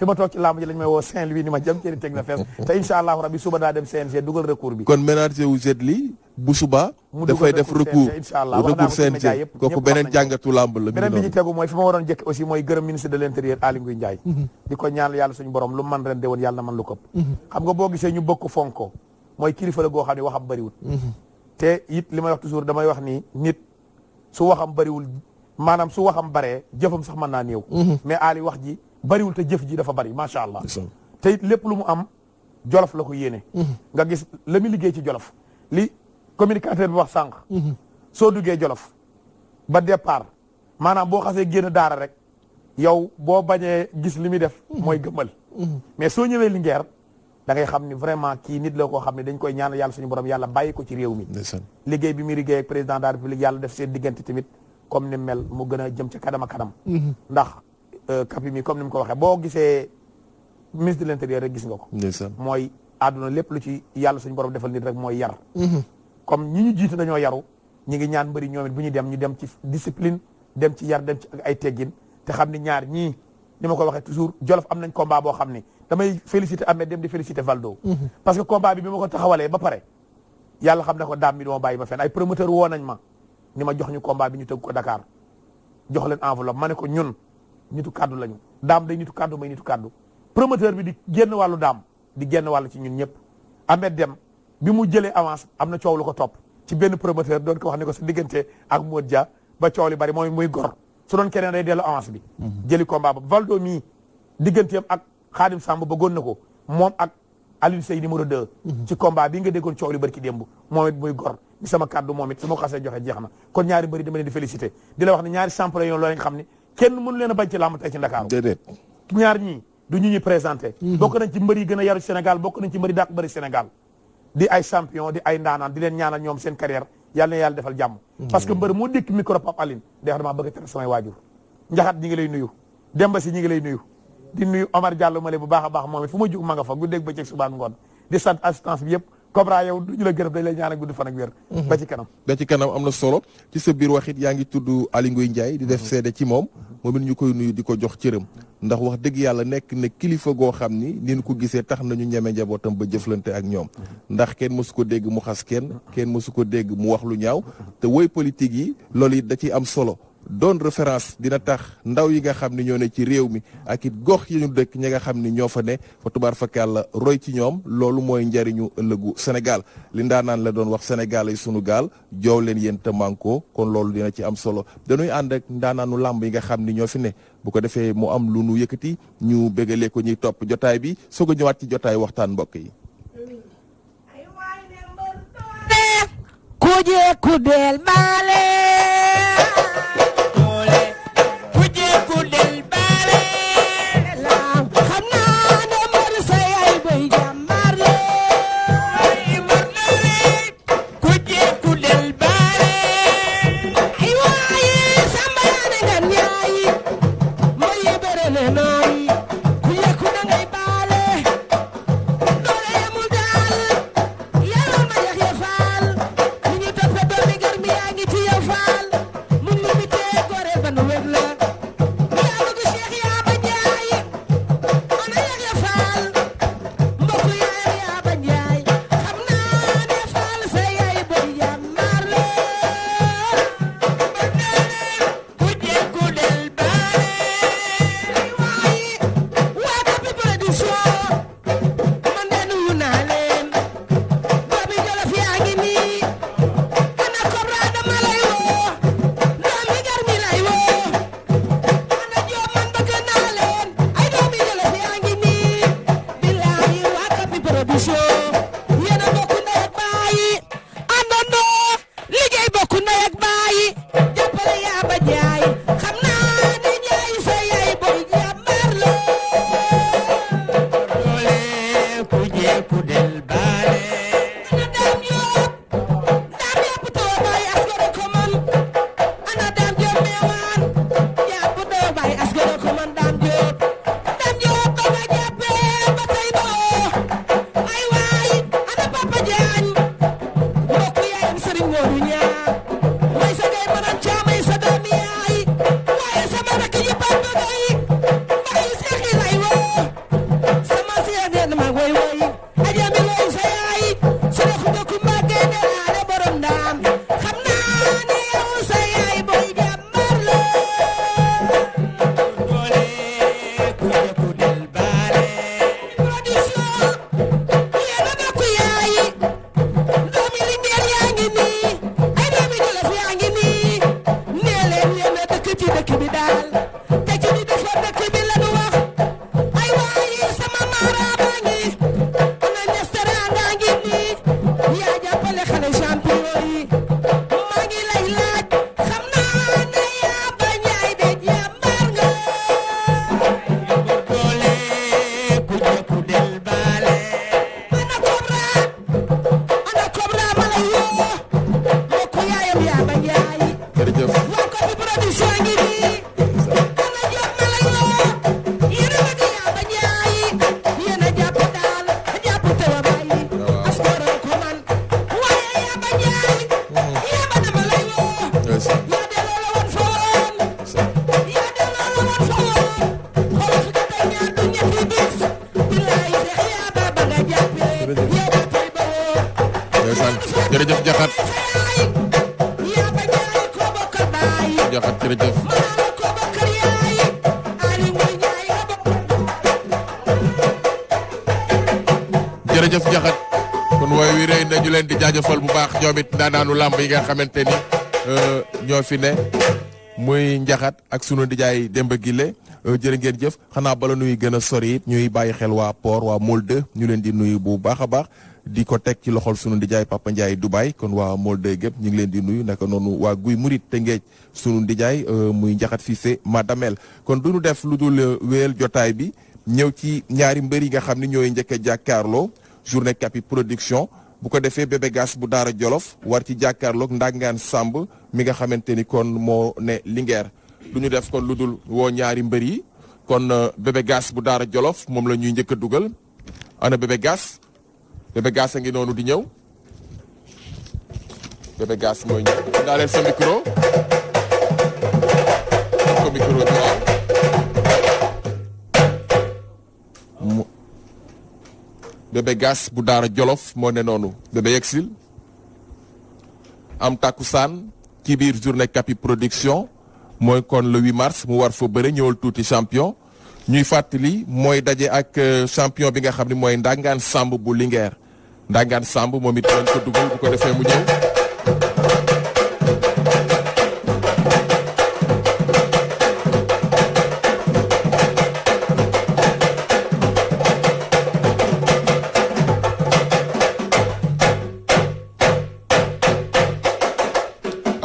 fi ma toog ci làmb ji lañ may woo Saint-Louis ni ma jëm cëri teg na fees te incha allahu rabbi suba daa dem CNG dugal recours bi kon ménage wu jet li bu suba dafay def recours incha allah recours CNG kooku beneen jàngatu làmb la beneen bi ci tegu mooy fi ma waroon jëkk aussi mooy gërëm ministre de l'intérieur Aly Ngouille Ndiaye mhm. di ko ñaan yàlla suñu borom lu man ren de woon yàlla na man lu këpp mhm. xam nga boo gisee ñu bëgg fonko mooy kilifa la goo xam ne waxam bëriwul mhm. te it li may wax toujours damay wax ni nit su waxam bëriwul maanaam su waxam baree jëfam sax mën naa néew mais Aly wax ji bariwul te jëf ji dafa bari macha allah. te it lépp lu mu am jolof la ko yéene. Mhm. nga gis la mu liggéey ci jolof. li communicateur bi wax sànq. Mhm. soo duggee jolof ba départ maanaam boo xasee génn daara rek yow boo bañee gis li muy def. Mhm. mooy gëmmal. mais soo ñëwee li da ngay xam ni vraiment kii nit la koo xam ne dañ koy ñaan yàlla suñu borom yàlla bàyyi ko ci réew mi. liggéey bi muy liggéey président de la république yàlla def seen diggante tamit comme ni mel mu gën a jëm ca kanam kanam. Euh, kapi mi comme ni mu ko waxee boo gisee ministre de l'intérieur rek gis nga ko. mooy àdduna lépp lu ci yàlla suñu borom defal nit rek mooy yar. Mhm. comme ñi ñu jiitu dañoo yaru ñi ngi ñaan mbëri ñoom bu ñu dem ci discipline dem ci yar dem ci ay teggin te xam ni ñaar ñii ni ma ko waxee toujours Jolof am nañ combat boo xam ni damay féliciter Ahmed dem di féliciter Valdo. Mhm. parce que combat bi ma ko taxawalee ba pare yàlla xam na ko daam bi dama bàyyi ma fenn ay nitu kàddu lañu daam day nitu kàddu may nitu kàddu promoteur bi di génn wàllu daam di génn wàllu ci ñun ñëpp Ahmed Dem bi mu jëlee avance am na coow lu ko topp ci benn promoteur doon ko wax ne ko si diggante ak Modou Dia ba coow li bari mooy muy gor su doon keneen day dellu avance bi mhm. jëli combat ba Valdo mii digganteem ak Khadim Samb bëggoon na ko moom ak Aliou Sey numéro 2 mhm. ci combat bi nga déggoon coow li it muy gor sama kàddu moom it su ma ko joxe jeex na kon ñaari mbëri dama leen di félicité di la wax ne ñaari champion yoo la nga xam ni kenn mënu leen a bañ ci làmb tey ci Ndakaaru déedéet ñaar ñii du ñu ñuy présenté mhm. bokk nañ ci mbër yi gën a yaru Sénégal bokk nañ ci mbëri yi dàq bëri Sénégal di ay champion di ay ndaanaan di leen ñaanal ñoom seen carrière yàlla na yàlla defal jàmm mhm. parce que mbër moo dékk micro Pape Aline day wax bëgg a tere samay waajur njaxat ñi ngi lay nuyu demba si ñi ngi lay nuyu di nuyu Omar Diallo male bu baax a baax moom it fu ma jug ma fa guddeeg bëccëg subaa ngoon di yëpp Cobra yow ñu la da dañ lay ñaan ak gudd fan ak wér. Mhm. ba ci kanam ba ci kanam am na solo ci sa biir waxit yaa ngi tudd Aly Ngouille Ndiaye di def mhm. seede ci moom mhm. moom it ñu koy nuyu di ko jox cëram ndax wax dëgg yàlla nekk ne kilifa goo xam ni nin ko gisee tax nañu ñeme njabootam ba jëflante ak ñoom ndax kenn mësu ko dégg mu xas kenn kenn mësu ko dégg mu wax lu ñaaw te woy politique yi loolu it da ciy am solo doon référence dina tax ndaw yi nga xam ne ñoo ne ci réew mi ak it gox yi dëkk ñi nga xam ni ñoo fa ne fa tubaar fa kàlla roy ci ñoom loolu mooy njariñu ëllëgu Sénégal li ndaanaan la doon wax Sénégal ay sunu gaal joow leen yéen te kon loolu dina ci am solo dañuy ànd ak ndaanaanu làmb yi nga xam ni ñoo fi ne bu ko defee mu am lu nu yëkkati ñu bégalee ko ñuy topp jotaay bi soog a ñëwaat ci jotaay waxtaan mbokk yi. mujjee ku del baale jaajëfal bu baax ñoom it daanaanu làmb yi nga xamante ni euh, ñoo fi ne muy njaxat ak sunu dijaay Demba Gile euh, jërë ngeen jëf xanaa bala nuy gën a sori ñuy bàyyi xel waa port waa Molde ñu leen di nuyu bu baax a baax di ko teg ci loxol sunu ndijaay Papa Ndiaye Dubaay kon waa Molde gépp ñu ngi leen di nuyu naka noonu waa Guy Murit te Tëngéej sunu ndijaay euh, muy njaxat Cissé Madamel kon du ñu def lu dul wéel jotaay bi ñëw ci ñaari mbër yi nga xam ne ñooy njëkk a jàkkaarloo journée Kapi production bu ko defee bébé gas bu Daara Jolof war ci jàkkaarloog ndangaan sàmb mi nga xamante ni kon moo ne Linguère du ñu def kon lu dul woo ñaari mbër yi kon euh, bébé gas bu Daara Jolof moom la ñuy njëkk a dugal ana bébé gas bébé a ngi noonu di ñëw bébé mooy ñëw daa sa micro ko micro bi bébé gas bu daara jolof moo ne noonu bébé yegsil am takkusaan ci biir journée Kapi production mooy kon le 8 mars mu war fa bëre ñëwal tuuti champion ñuy fàttali mooy daje ak euh, champion bi nga xam ne mooy ndangaan samb bu Linguère ndangaan samb moom it doon ko dugal bu ko defee mu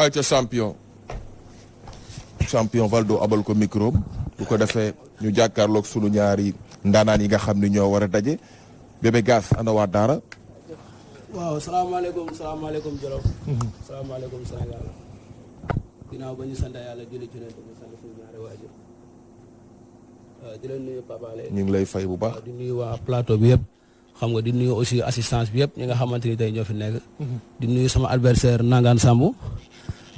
ca champion champion ko micro bu ko defee ñu jàkkaarloog sunu ñaari ndaanaan yi nga xam ni ñoo war a daje bébé gaas waa daara waaw salaamaaleykum salaamaaleykum Jolof salaamaaleykum ba ñu sant yàlla julli ci euh, ngi lay fay bu baax di nuyu waa plateau bi yëpp xam nga di nuyu aussi assistance bi yëpp ñi nga xamante ni tey ñoo fi nekk mm-hmm. di nuyu sama adversaire Nangaan Samb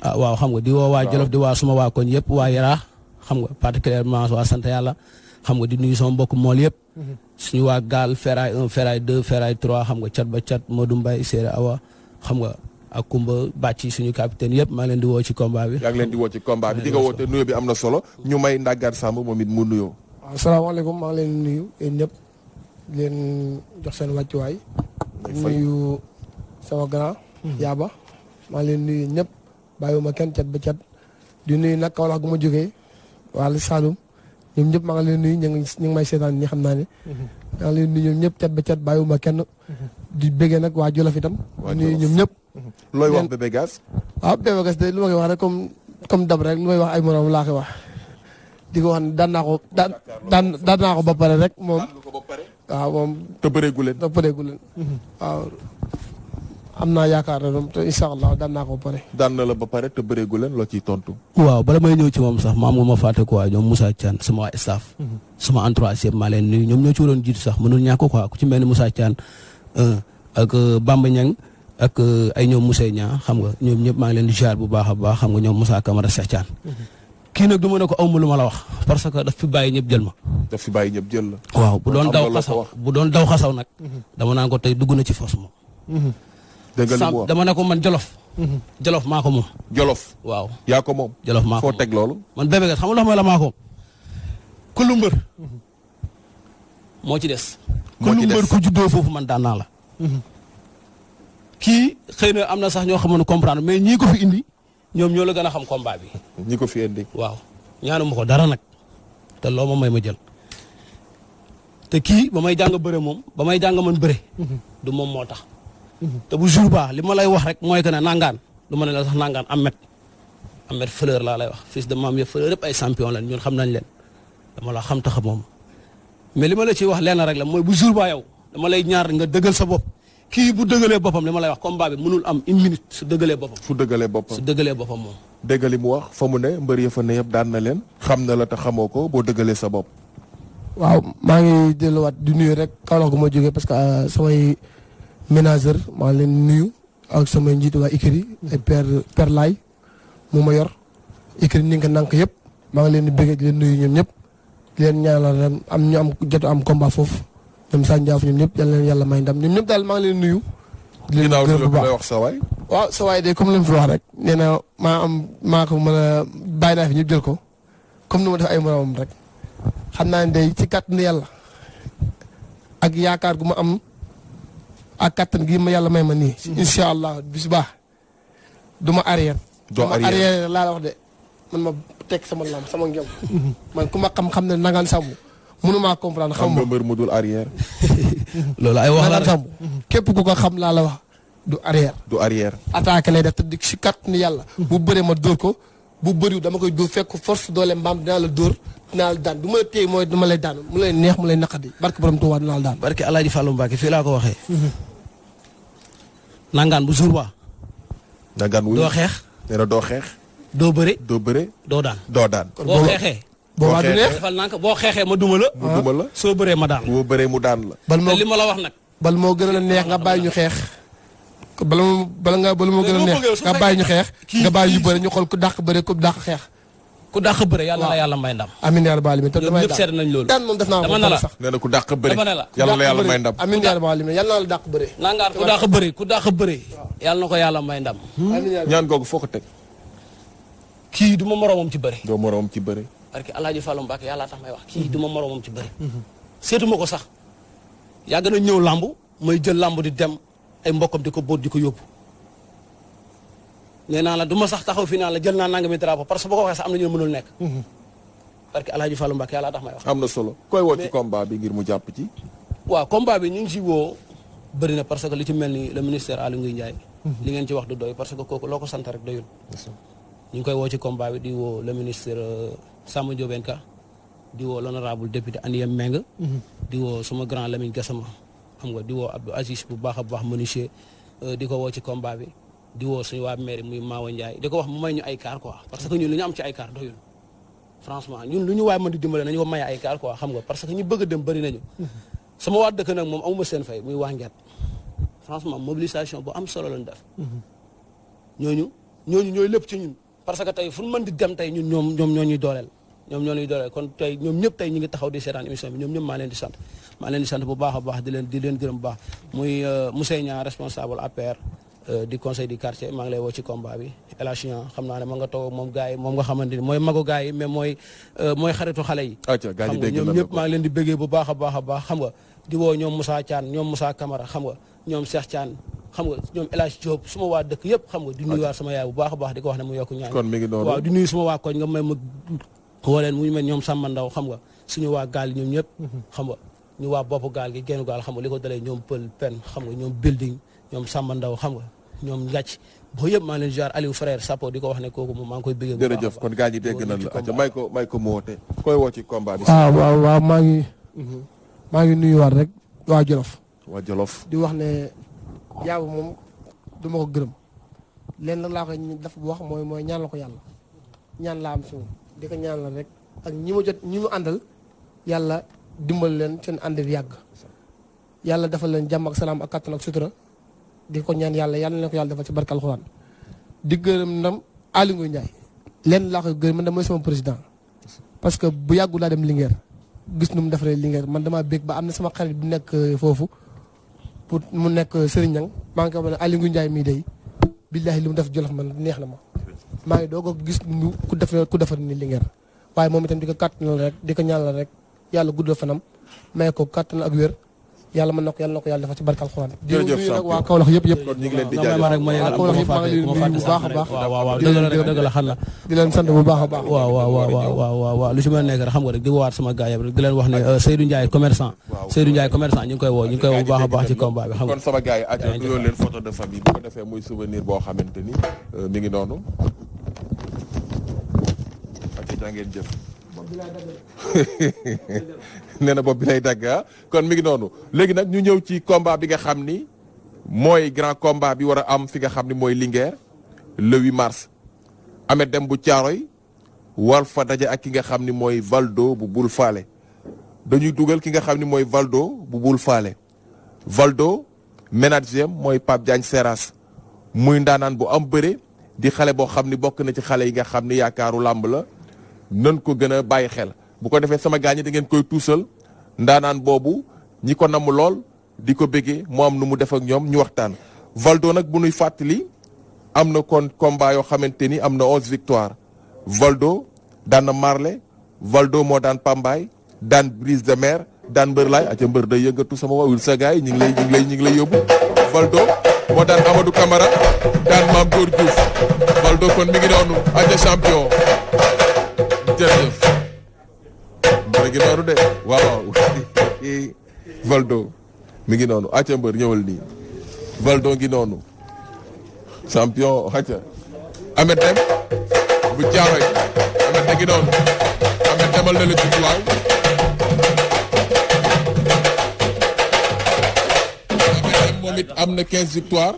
ah waaw xam nga di woo waa Jolof di waa suma waa koñ yëpp waa Yaraax xam nga particulièrement waa sant yàlla xam nga di nuyu sama mbokk mool yëpp mhm. suñu waa gaal ferraille un ferraille deux ferraille trois xam nga cat ba cat Modou Mbaye Séeré Awa xam nga ak Kumba Bàcci suñu capitaine yëpp maa ngi leen di woo ci combat bi yaa di woo ci combat bi di nga woote nuyoo bi am na solo ñu may ndàggaat Samb moom it mu nuyoo asalaamaaleykum maa leen nuyu yéen ñëpp di seen wàccuwaay nuyu sama grand hmm. yaaba maa ngi leen nuyu ñëpp bàyyiwuma kenn cat ba cat di nuyu nag Kaolack gu ma jógee wàllu Saloum ñoom ñëpp maa ngi leen nuyu ñu ngi ñu ngi may seetaan ñi xam mhm. ba cat bàyyiwuma kenn. Mhm. di bëggee nag waa Jolof itam. waa Jolof nuyu ñoom ñëpp. Mhm. looy wax bébé gaz. Ah, de lu ma koy wax rek comme comme dab rek lu may wax ay moroom laa koy wax. di ko wax ne daan naa ko ba pare rek moom. waaw moom. te bëreegu waaw. am naa yaakaar ne moom te incha allah daan naa ko pare. daan na la ba pare te bëreegu leen loo ciy tontu. waaw bala may ñëw ci moom sax maam nga ma fàtte quoi ñoom waa mhm. ñoom ñoo ci euh, ak euh, Bamba Niang ak euh, ay ñoom Moussa Niang xam nga ñoom ñëpp maa ngi leen di jaar bu baax a baax xam nga ñoom Moussa Camara Cheikh Thian. Mhm. kii nag du ma aw ma la wax parce que daf fi bàyyi ñëpp jël ma. daf fi bàyyi ñëpp jël la. waaw bu doon daw xasaw bu doon daw xasaw nag. Mhm. dama naan ko tey dugg dégg dama ne ko man jolof. Mhm. jolof maa moom. jolof waaw. yaa ko moom. jolof maa ko man bébé kat xam ma loo xam ne la maa ko. kullu mbër. Mhm. moo ci des. moo ci ku juddoo foofu man daan naa la. Mhm. kii xëy na am na sax ñoo xam xamoon comprendre mais ñii ko fi indi ñoom ñoo la gën a xam combat bi. ñi ko fi indi. waaw ñaanu ma ko dara nag te loo ma may ma jël. te kii ba may jàng bëre moom ba may jàng man bëre. du moom moo tax. te bu jour ba li ma lay wax rek mooy que ne nangaan lu ma ne la sax nangaan amet amet fleur laa lay wax fils de maam ya fleur yëpp ay champion lañ ñun xam nañ leen dama la xam li ma la ciy wax lenn rek la mooy bu jour ba yow dama lay ñaar nga dëggal sa bopp kii bu dëggalee boppam li ma lay wax combat bi mënul am une minute su dëggalee boppam. su dëggalee boppam su dëggalee boppam moom. dëggal li mu wax fa mu ne mbër ya fa ne yëpp daan na leen xam na la te xamoo ko boo dëggalee sa bopp. waaw maa ngi delluwaat di nuyu rek Kaolack gu ma jógee parce que ah, samay ménageur maa leen nuyu ak sama njiit waa Ikri ay père laay mu ma yor Ikri ni nga nank yëpp maa ngi leen di bëggee di leen nuyu ñoom ñëpp leen ñaanal ren am ñu am jot am combat foofu ñoom Sa Ndiaye ñoom ñëpp yal leen yàlla may ndam ñoom ñëpp daal maa ngi leen nuyu. di leen gërëm wax sa waay. waaw sa de comme li mu fi wax rek nee na maa am maa ko mën a bàyyi naa fi ñu jël ko comme ni ma def ay moromam rek xam naa ne day ci kàttanu yàlla ak yaakaar gu ma am ak kattan gi ma yàlla may ma nii. Mm-hmm. incha allah bis baax du ma arrière. doo arrière laa la wax de man ma teg sama lam sama ngem. Mm-hmm. man ku ma xam xam ne nangaan sàmm mënumaa comprendre. xam nga mbër mu dul arrière. loolu ay wax la sàmm képp ku ko xam laa la wax du arrière. du arrière. attaque lay def te di si kattan yàlla. bu mm-hmm. bëree ma dóor ko. bu bëriw dama koy dóor fekk force doole mbaam dinaa la dóor dinaa la daan du ma la téye mooy lay daan mu lay mu lay naqadi barke borom Tuubaa dinaa la daan. barke El Hadj Fallou Mbacke fii laa ko mhm. bu jour ba. xeex. doo xeex. doo bëre. doo bëre. doo doo daan. boo xeexee. boo xeexee boo xeexee boo xeexee ma duma la. ma duma la soo bëree ma daan la. bëree mu daan la. bal li ma la wax nag. bal moo gën a neex nga bàyyi ñu xeex. bala ma bala nga gën a neex nga bàyyi ñu xeex nga bàyyi ñu bëre ñu xool ku dàq bëre ku dàq xeex ku dàq bëre yàlla la yàlla may ndam amiin yàlla baali mi te damay ñëpp seet nañ loolu daan moom def naa dama ne la nee na ku dàq bëre dama la yàlla la yàlla may ndam la dàq bëre nangaan ku dàq bëre ku dàq bëre yàlla na ko yàlla may ndam hmm? ñaan googu foo ko teg kii du ma moromam ci bëre doo moromam ci bëre parce que alaaji Fallou Mbacke hmm. ma moromam ci bëre hmm. seetuma ko sax yàgg na ñëw làmb may jël làmb di dem ay mbokkam di ko boot di ko yóbbu nee naa la du ma sax taxaw fi naa la jël naa nangami drapeau parce que boo ko waxee sax am na ñu mënul nekk parce mhm. que alaaji Fallou Mbacke yàlla tax may wax am na solo koy woo ci combat bi ngir mu jàpp ci waaw combat bi ñu ngi si woo bëri na parce que li ci mel ni la ministère Aly Ngouille Ndiaye mhm. li ngeen ci wax du doy parce que kooku loo ko sant rek doyul ñu koy woo ci combat bi di woo le ministre euh, Samba Ndiobène Ka di woo xam nga di woo bu baax a baax menuisier euh, di ko woo ci combat bi di woo suñu waa mairie muy Mawa Ndiaye di ko wax mu may ñu ay car parce que ñun lu am ci ay ñun lu ñu waay mën di dimbale nañu ko maye ay car quoi xam nga parce que ñu bëgg a dem bëri nañu mhm. sama waa dëkk nag moom amuma seen fay muy waa Ngeet franchement mobilisation bu am solo lañ def mhm. ñooñu ñooñu ñooy lépp ci ñun parce que tey fu ñu mën di dem tey ñun ñoom ñoom ñoo ñuy dooleel ñoom ñoo ñuy doole kon tey ñoom ñëpp taxaw di seetaan émission bi ñoom maa leen di sant maa leen di sant bu baax a baax di leen di bu baax euh, euh, naa ne ma nga toog moom moom nga xamante ni mooy magu gars yi mais mooy euh, mooy maa ngi leen di bëggee bu baax a baax a baax xam nga di woo ñoom Moussa Thiane ñoom Moussa Camara xam nga ñoom Cheikh Thiane xam nga ñoom El Hadj suma waa dëkk yëpp xam nga di nuyu a suma waa koñ nga may woo leen mu ñu mel xam nga suñu waa gaal ñoom ñëpp xam nga ñu waa gi genn gaal xam nga li ko dalee ñoom pël pen xam nga ñoom building ñoom Samba Ndaw xam nga ñoom lacc boo yëpp maa leen jaar Aliou Frère Sapo di ko wax ne kooku moom maa koy bëggee jërëjëf kon gaa ñi dégg nañ la may ko may ko koy woo ci combat bi ah waaw maa ngi mhm. maa ngi rek waa Jolof waa Jolof di wax ne yaabu moom du ma ko gërëm leen nag laa koy dafa wax mooy mooy ñaan la ko yàlla ñaan laa am di ko ñaanal rek ak ñi jot ñi àndal yàlla dimbal leen seen ànd yàgg. yàlla defal leen jàmm ak salaam ak kàttan ak sutura di ko ñaan yàlla yàlla na ko yàlla defal ci barkal Alxuraan di gërëm ndam Aly Ngouille Ndiaye lenn laa koy gërëm man de mooy président parce que bu yàggu laa dem Linguère gis nu mu defaree Linguère man damaa bég ba am na sama xarit bu nekk euh, foofu pour mu nekk euh, Serigne Niang maa ngi koy wax ne Aly Ngouille Ndiaye mii day billaahi li mu def Jolof ma neex na ma maa ngi doo a gis ñu ku def ku defar ni Linguère waaye moom itam di ko kàttanal rek di ko ñaanal rek yàlla gudd fanam may ko kàttan ak wér yàlla mën na ko yàlla na yàlla defal ci barke a baax. waaw waaw dëgg la xam na. di a a nekk nga di leen wax ne euh, Seydou Ndiaye commerçant. Seydou Ndiaye commerçant ñu ngi koy woo ñu koy woo bu baax a baax ci combat xam nga. kon sama leen photo de famille bu defee muy souvenir boo xamante ni euh, mi ngi noonu na ngeen na bopp bi lay dagg ah. kon mi ngi noonu léegi nag ñu ñëw ci komba bi nga xam ni mooy grand combat bi war a am fi nga xam ni mooy Linguère le 8 mars. Amet Dem bu Caaroy war fa daje ak ki nga xam ni mooy Valdo bu Bul Faale dañuy dugal ki nga xam ni mooy Valdo bu Bul Faale Valdo ménagem mooy Pape Diagne Seras muy ndaanaan bu am bëre di xale boo xam ni bokk na ci xale yi nga xam ni yaakaaru làmb la. nan ko gën a bàyyi xel bu ko defee sama gaañi da ngeen koy tuusal ndaanaan boobu ñi ko namm lool di ko bëggee mu am nu mu def ak ñoom ñu waxtaan. Valdo nag bu nuy fàttali am na kon combat yoo xamante ni am na onze victoire Valdo daan na Marley Valdo moo daan Pambaay daan Brise de Mer daan mbër laay aca mbër day yëngatu sama wawul sa gaay ñi ngi lay ñi ngi lay ñi ngi lay yóbbu Valdo moo daan Amadou Camara daan Mame Gor Valdo kon mi ngi champion jërëjëf mu ngi noonu de waaw Valdo mi ngi noonu acca mbër ñëwal nii Valdo ngi noonu champion acca Ameth Deme bu Caaroy Ameth ngi noonu Ameth demal moom it am na 15 victoire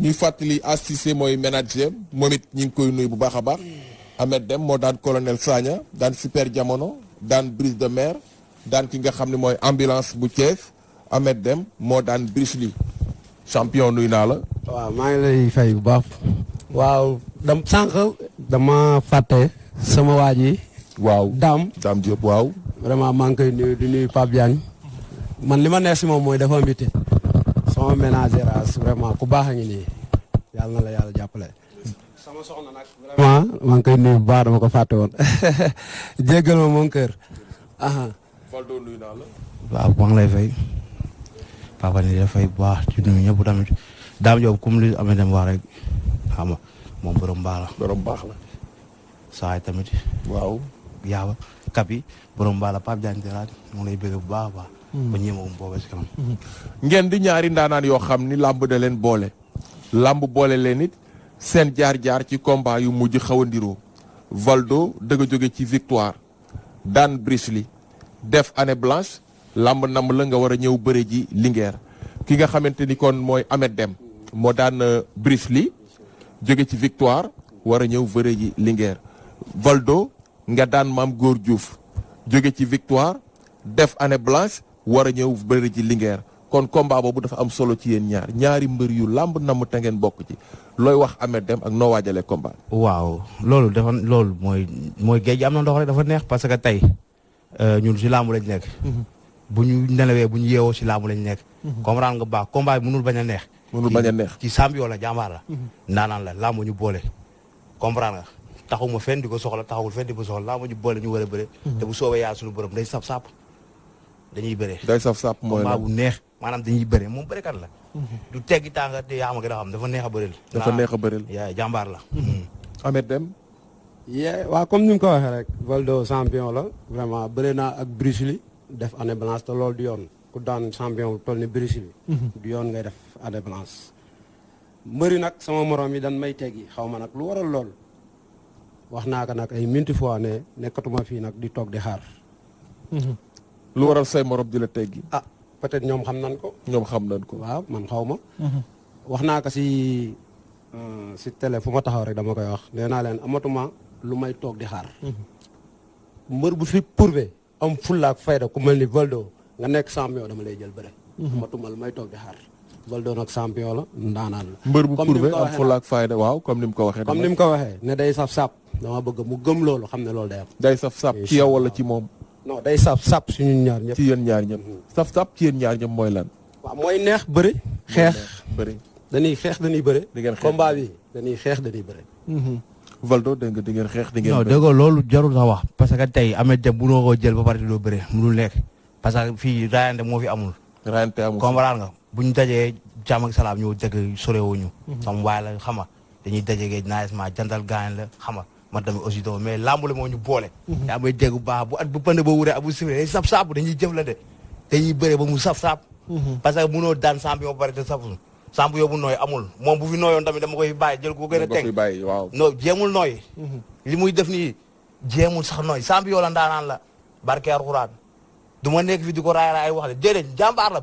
ñuy fàttali assisé mooy manager moom it ñu ngi koy nuyu bu baax a baax Ahmed Dem moo daan colonel Sagna daan super jamono daan brise de mer daan ki nga xam ne mooy ambulance bu Thiès Ahmed Dem moo daan Bruce Lee champion nuyu naa la. waaw maa ngi lay fay bu baax. waaw dam sànq dama fàtte sama waa ji. waaw Dame Dame Diop waaw. vraiment maa ngi koy nuyu di man li ma neex si moom mooy dafa invité. sama ménagère vraiment ku baax a ngi nii yàlla na la yàlla jàppale. vraiment maa ngi koy nuyu bu baax dama ko fàtte woon jéggal ma moom kër. Valdo ah. nuyu naa lay fay papa ni lay fay bu baax ci nuyu tamit daam joob comme li amee dem wax rek xam nga moom borom baax la. saay tamit. waaw yaaba kap yi borom baax la Pape Diagne Jaraat mu hmm. ngeen di ñaari ndaanaan yoo xam ni làmb da leen boole. làmb boole leen it. seen jaar-jaar ci combat yu mujj xaw a ndiroo Valdo dëgg a jóge ci victoire daan li def année blanche lamb nam la nga war a ñëw bëre ji Linguère ki nga xamante ni kon mooy Ahmed Dem moo daan euh, li jóge ci victoire war a ñëw bëre ji Linguère Valdo nga daan maam Góor Diouf jóge ci victoire def année blanche war a ñëw bëre ji Linguère kon combat boobu dafa am solo ci yéen ñaar ñaari mbër yu làmb namm te ngeen bokk ci looy wax Ameth Deme ak noo waajalee combat. waaw loolu dafa loolu mooy mooy géej gi am na ndox rek dafa neex parce que tey euh, ñun si làmb lañ nekk. Mhm. bu ñu nelawee bu ñu yeewoo si làmb lañ nekk. Mhm. comprendre nga baax combat a neex. mënul bañ a neex ci champion la jàmbaar la. Mhm. ndaanaan la làmb ñu boole. comprendre nga taxawuma fenn di ko soxla taxawul fenn di ko soxla làmb ñu boole ñu war a bëre. te neex maanaam dañuy bëre moom bërekat la. Mhm. du teggi tànga te yaa ma a xam dafa neex a bëril. dafa neex a bëril yaa jàmbaar la. Mhm. Mhm. Ahmed Deme. yee waa comme ni ko waxee rek. Valdo champion la vraiment bëre naa ak Bruce Lee def année blanche te loolu du yoon ku daan champion bu toll ni Bruce du yoon ngay def année blanche. mbëri nag sama morom yi dan may teggi xaw ma nag lu waral lool. wax naa ko nag ay minti fois ne nekkatuma fii nag di toog di xaar. lu waral say peut-être ñoom xam nañ ko. ñoom xam nañ ko waaw man xaw ma. Mhm. wax naa ko si euh, si fu ma taxaw rek dama koy wax nee naa leen amatuma lu may toog di xaar. Mhm. bu fi prouvé am fulla ak fayda ku ni Valdo nga nekk dama lay jël bëre. Mhm. amatuma lu may toog di xaar. Valdo nag champion la ndaanaan mbër bu prouvé am fulla ak fayda waaw comme ni ko waxee. comme ko waxee ne day saf sap dama bëgg mu gëm loolu xam ne loolu day am. day saf sap ci yow wala ci moom. non day saf sap si ñun ñaar ñëpp. ci yéen ñaar ñëpp. Mm-hmm. saf sap ci yéen ñaar ñëpp mooy lan. waaw mooy neex bëri. xeex bëri. dañuy xeex dañuy bëri. di ngeen xeex combat xeex dañuy bëri. Mm-hmm. Valdo loolu jarul sax parce que tey Ameth Deme mënoo koo jël ba pare doo bëri mënul nekk parce que fii raayante moo fi amul. raayante amul comprendre nga bu ñu dajee jàmm ak salaam ñëw dëgg sore wuñu. Mm-hmm. sama waay la xama dañuy daje geeg ma jandal gaañ xama man tamit aussi doo mais làmb la moo ñu boole. yaa may dégg bu baax bu at bu pënd ba wuree abu sifflé dañuy saf saap dañuy jëflante dañuy ba mu saf saap. Mhm. parce que munoo daan samp yoo pare te saful samp yoo bu nooy amul moom bu fi nooyoon tamit dama koy bàyyi jël ko gën a teg non nooy mhm. li muy def nii jéemul sax nooy samp yoo la ndaanaan la barke Alxuraan du ma nekk ko raay raay wax de déedéet jàmbaar la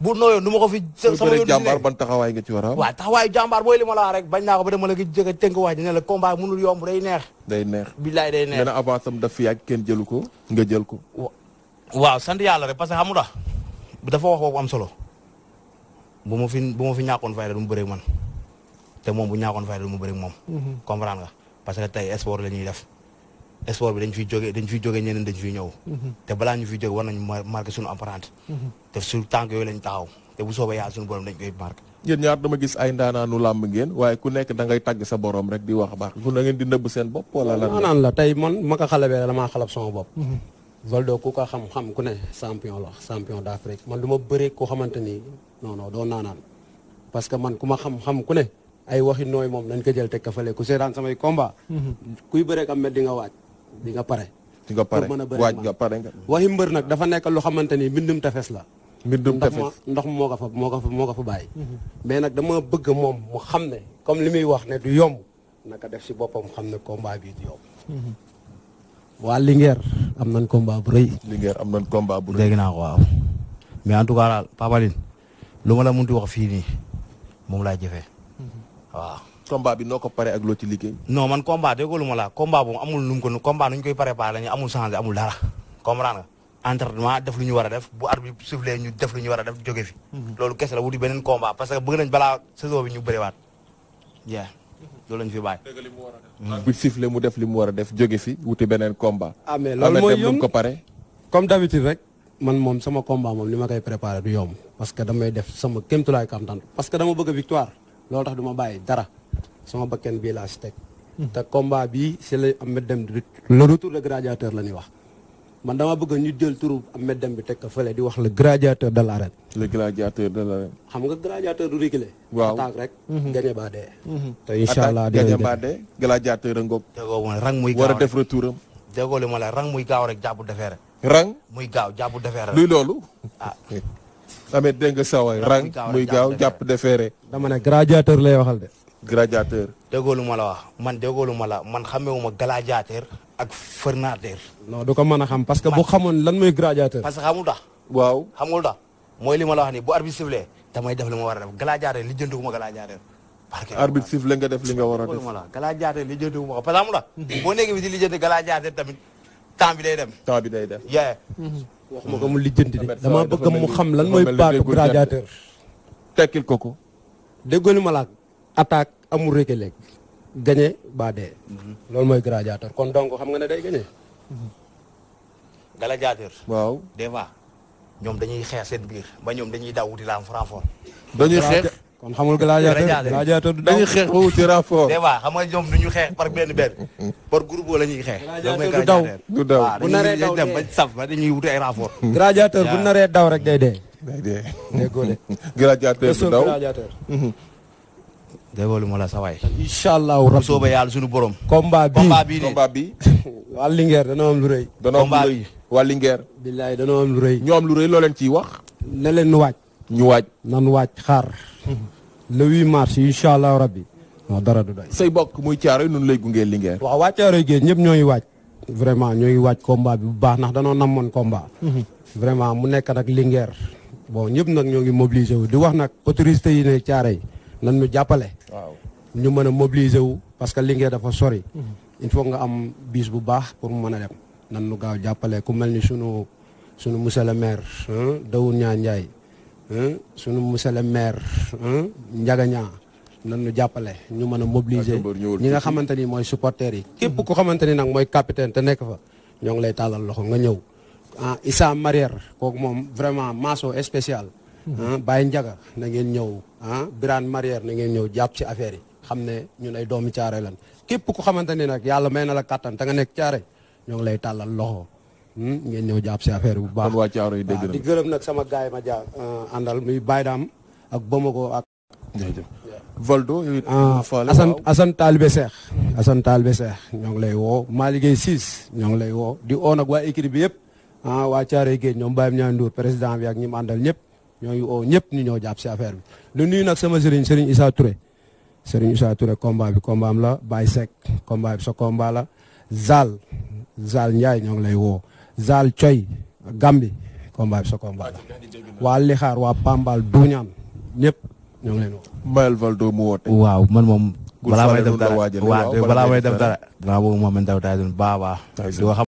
bu nooyoon du ma ko fi. sama yoon jàmbaar ban taxawaay nga ci war a am. waaw taxawaayu jàmbaar booy li ma la wax rek bañ naa ko ba dama la ko jëkk a tënk ne la combat mënul yomb day neex. day ko nga jël ko. waaw sant yàlla rek parce que xam nga dafa wax wax bu am solo bu ma fi bu ma fi ñàkkoon fayda du mu bëreeg man te moom bu ñàkkoon fayda du mu bëreeg moom. Mm-hmm. comprendre nga parce que tey sport la ñuy def. sport bi dañ fiy jógee ñeneen dañ fiy ñëw. Mhm. te balaa ñu fiy war nañu marqué suñu empreinte. Mhm. te sur tànk lañ taxaw te bu soobee yàlla suñu borom dañ koy marqué. yéen ñaar sa borom rek di wax baax ku ma naan la tey man ma ko xalabee damaa xalab sama bopp. Mhm. Valdo ku ko xam-xam ku ne champion la champion d'Afrique man du ma bëree koo xamante ni non doo naanaan parce man ku xam-xam ku ne ay waxi moom nañ ko jël teg ka ku seetaan samay combat di nga pare. di nga pare waaj nga pare nga. waxi mbër nag dafa nekk lu xamante ni mbindum tefes la. mbindum tefes ndox moo moo ko fa moo ko fa mhm. mais nag dama bëgg moom mu xam ne comme li muy wax ne du yomb naka def si boppam xam ne combat bii du yomb. Mhm. waa Linguère am nañ combat bu rëy. am nañ combat bu rëy. naa ko waaw mais en tout cas daal Pape Aline lu ma la munti wax fii nii moom laa jëfee mhm. waaw. combat bi noo ko pare ak loo ci liggéey. non man combat déggoolu ma la combat boobu amul nu a bu arbitre a mhm. loolu kese a a ah, ko pare. comme d'habitude rek. man moom sama combat moom li ma koy préparé du yomb parce que damay def sama kéemtulaay kàttan parce que dama bëgg victoire loolu tax du ma bàyyi dara. sama bakkan bii laa si teg. Hmm. te combat bii si la Ameth Dème di le retour de gladiateur la ñuy wax. man dama bëgg ñu jël turu Ameth Dème bi teg ko fële di wax la gladiateur de l'arène. le xam nga gladiateur du réglé. waaw attaque rek. Hmm. gañe ba dee. Hmm. te allah dee ba dee gladiateur a ngoog. déggoo ma rang muy gaaw war a def retour am. déggoo li ma la rang rek jàpp defee rek. rang muy gaaw jàpp defee rek. luy loolu. ah. Ameth dégg nga sa waay rang muy gaaw jàpp defee rek. dama ne gladiateur lay waxal de. gladiateur. déggoo lu ma la wax man déggoo lu ma la man xamewuma gladiateur ak fernateur. non du ko man a xam parce que bu xamoon lan mooy gladiateur. parce que xamul tax. waaw xamul tax mooy li ma la wax nii bu arbitre sifflé damay def li ma war a def li jënduguma gladiateur. parce que arbitre sifflé a def. gladiateur li jënduguma ko parce que xamul tax. boo nekkee bi di li jënd gladiateur tamit temps bi dem. temps bi dem. yee. waxuma ko lijjanti de damaa bëgg mu xam lan mooy baatu gladiateur. tekkil ko ko. déggoo lu ma la attaque amul réglé gagné ba dee. loolu mooy gladiateur kon donc xam nga ne day gagné. gladiateur. waaw des fois ñoom dañuy xeex seen biir ba ñoom dañuy daw wuti la renfort. dañuy xeex kon xamul gladiateur gladiateur dañuy xeex ñu xeex par la ñuy xeex. gladiateur du daw du daw bu naree daw dem rek dee. dee. day góode. gladiateur du daw mhm. déggoo ma la sa waay. incha allahu rabbi sooba yàlla sunu borom. combat bii waa Linguère danoo am lu rëy. danoo am lu rëy waa lu rëy. ñoo am loo leen ciy wax. ne leen nu waaj. ñu waaj. nan waaj xaar. le 8 mars incha allahu rabbi. waaw dara du doy. say bokk muy Thiaroye nun lay gunge Linguère. waaw waa Thiaroye géej ñëpp ñoo ngi waaj. vraiment ñoo ngi waaj combat bi bu baax ndax danoo namoon combat. vraiment mu nekk nag Linguère. bon ñëpp nag ñoo ngi mobilisé wu di wax nag autorité yi ne Thiaroye nan ñu jàppale waaw ñu mën a mobiliser wu parce que Linguère dafa sori. Mhm. il faut nga am bis bu baax pour mu mën a dem. nan nu gaaw jàppale ku mel ni sunu sunu monsieur le maire. Daoud Niang Ndiaye. sunu monsieur le maire. Ndiaga Niang nan nu jàppale ñu mën a mobiliser ñi nga xamante ni mooy supporters yi. képp mhm. ku xamante ni nag mooy capitaine te nekk fa ñoo ngi lay tàllal loxo nga ñëw. ah Issa Marière kooku moom vraiment maçon spécial. Baye Ndiaga na ngeen ñëw ah Birane Marière na ngeen ñëw jàpp ci affaire yi xam ne ñu ay doomu caare lan képp ku xamante ne nag yàlla may na la kàttan te nga nekk caare ñoo ngi lay tàllal loxo ngeen ñëw jàpp si affaire bu baax. waa caaro yi dégg di gërëm nag sama gaay yi ma jaar euh, àndal muy Baye Dame ak Bomako ak. jërëjëf Valdo. Ah, Assane Assane Talibé Seex Assane Talibé Seex ñoo ngi lay woo Malick Gueye Ciss ñoo ngi lay woo di oo nag waa équipe bi yëpp ah waa caaro yi géej ñoom Baye Ndiaye Ndour président bi ak ñi mu àndal ñëpp. ñoo ngi woo ñëpp ñu ñëw jàpp si affaire bi. nu nuyu nag sama sëriñ sëriñ Issa Touré sëriñ Issa Touré combat bi combat am la Baye Seck combat bi sa combat la ñoo ngi lay woo Zal Coy Gambi combat bi sa la waa Lixaar waa Pambal Duñaan ñëpp ñoo ngi woo. man moom. balaa may def dara waaw balaa moom man taw taay doon baax a baax.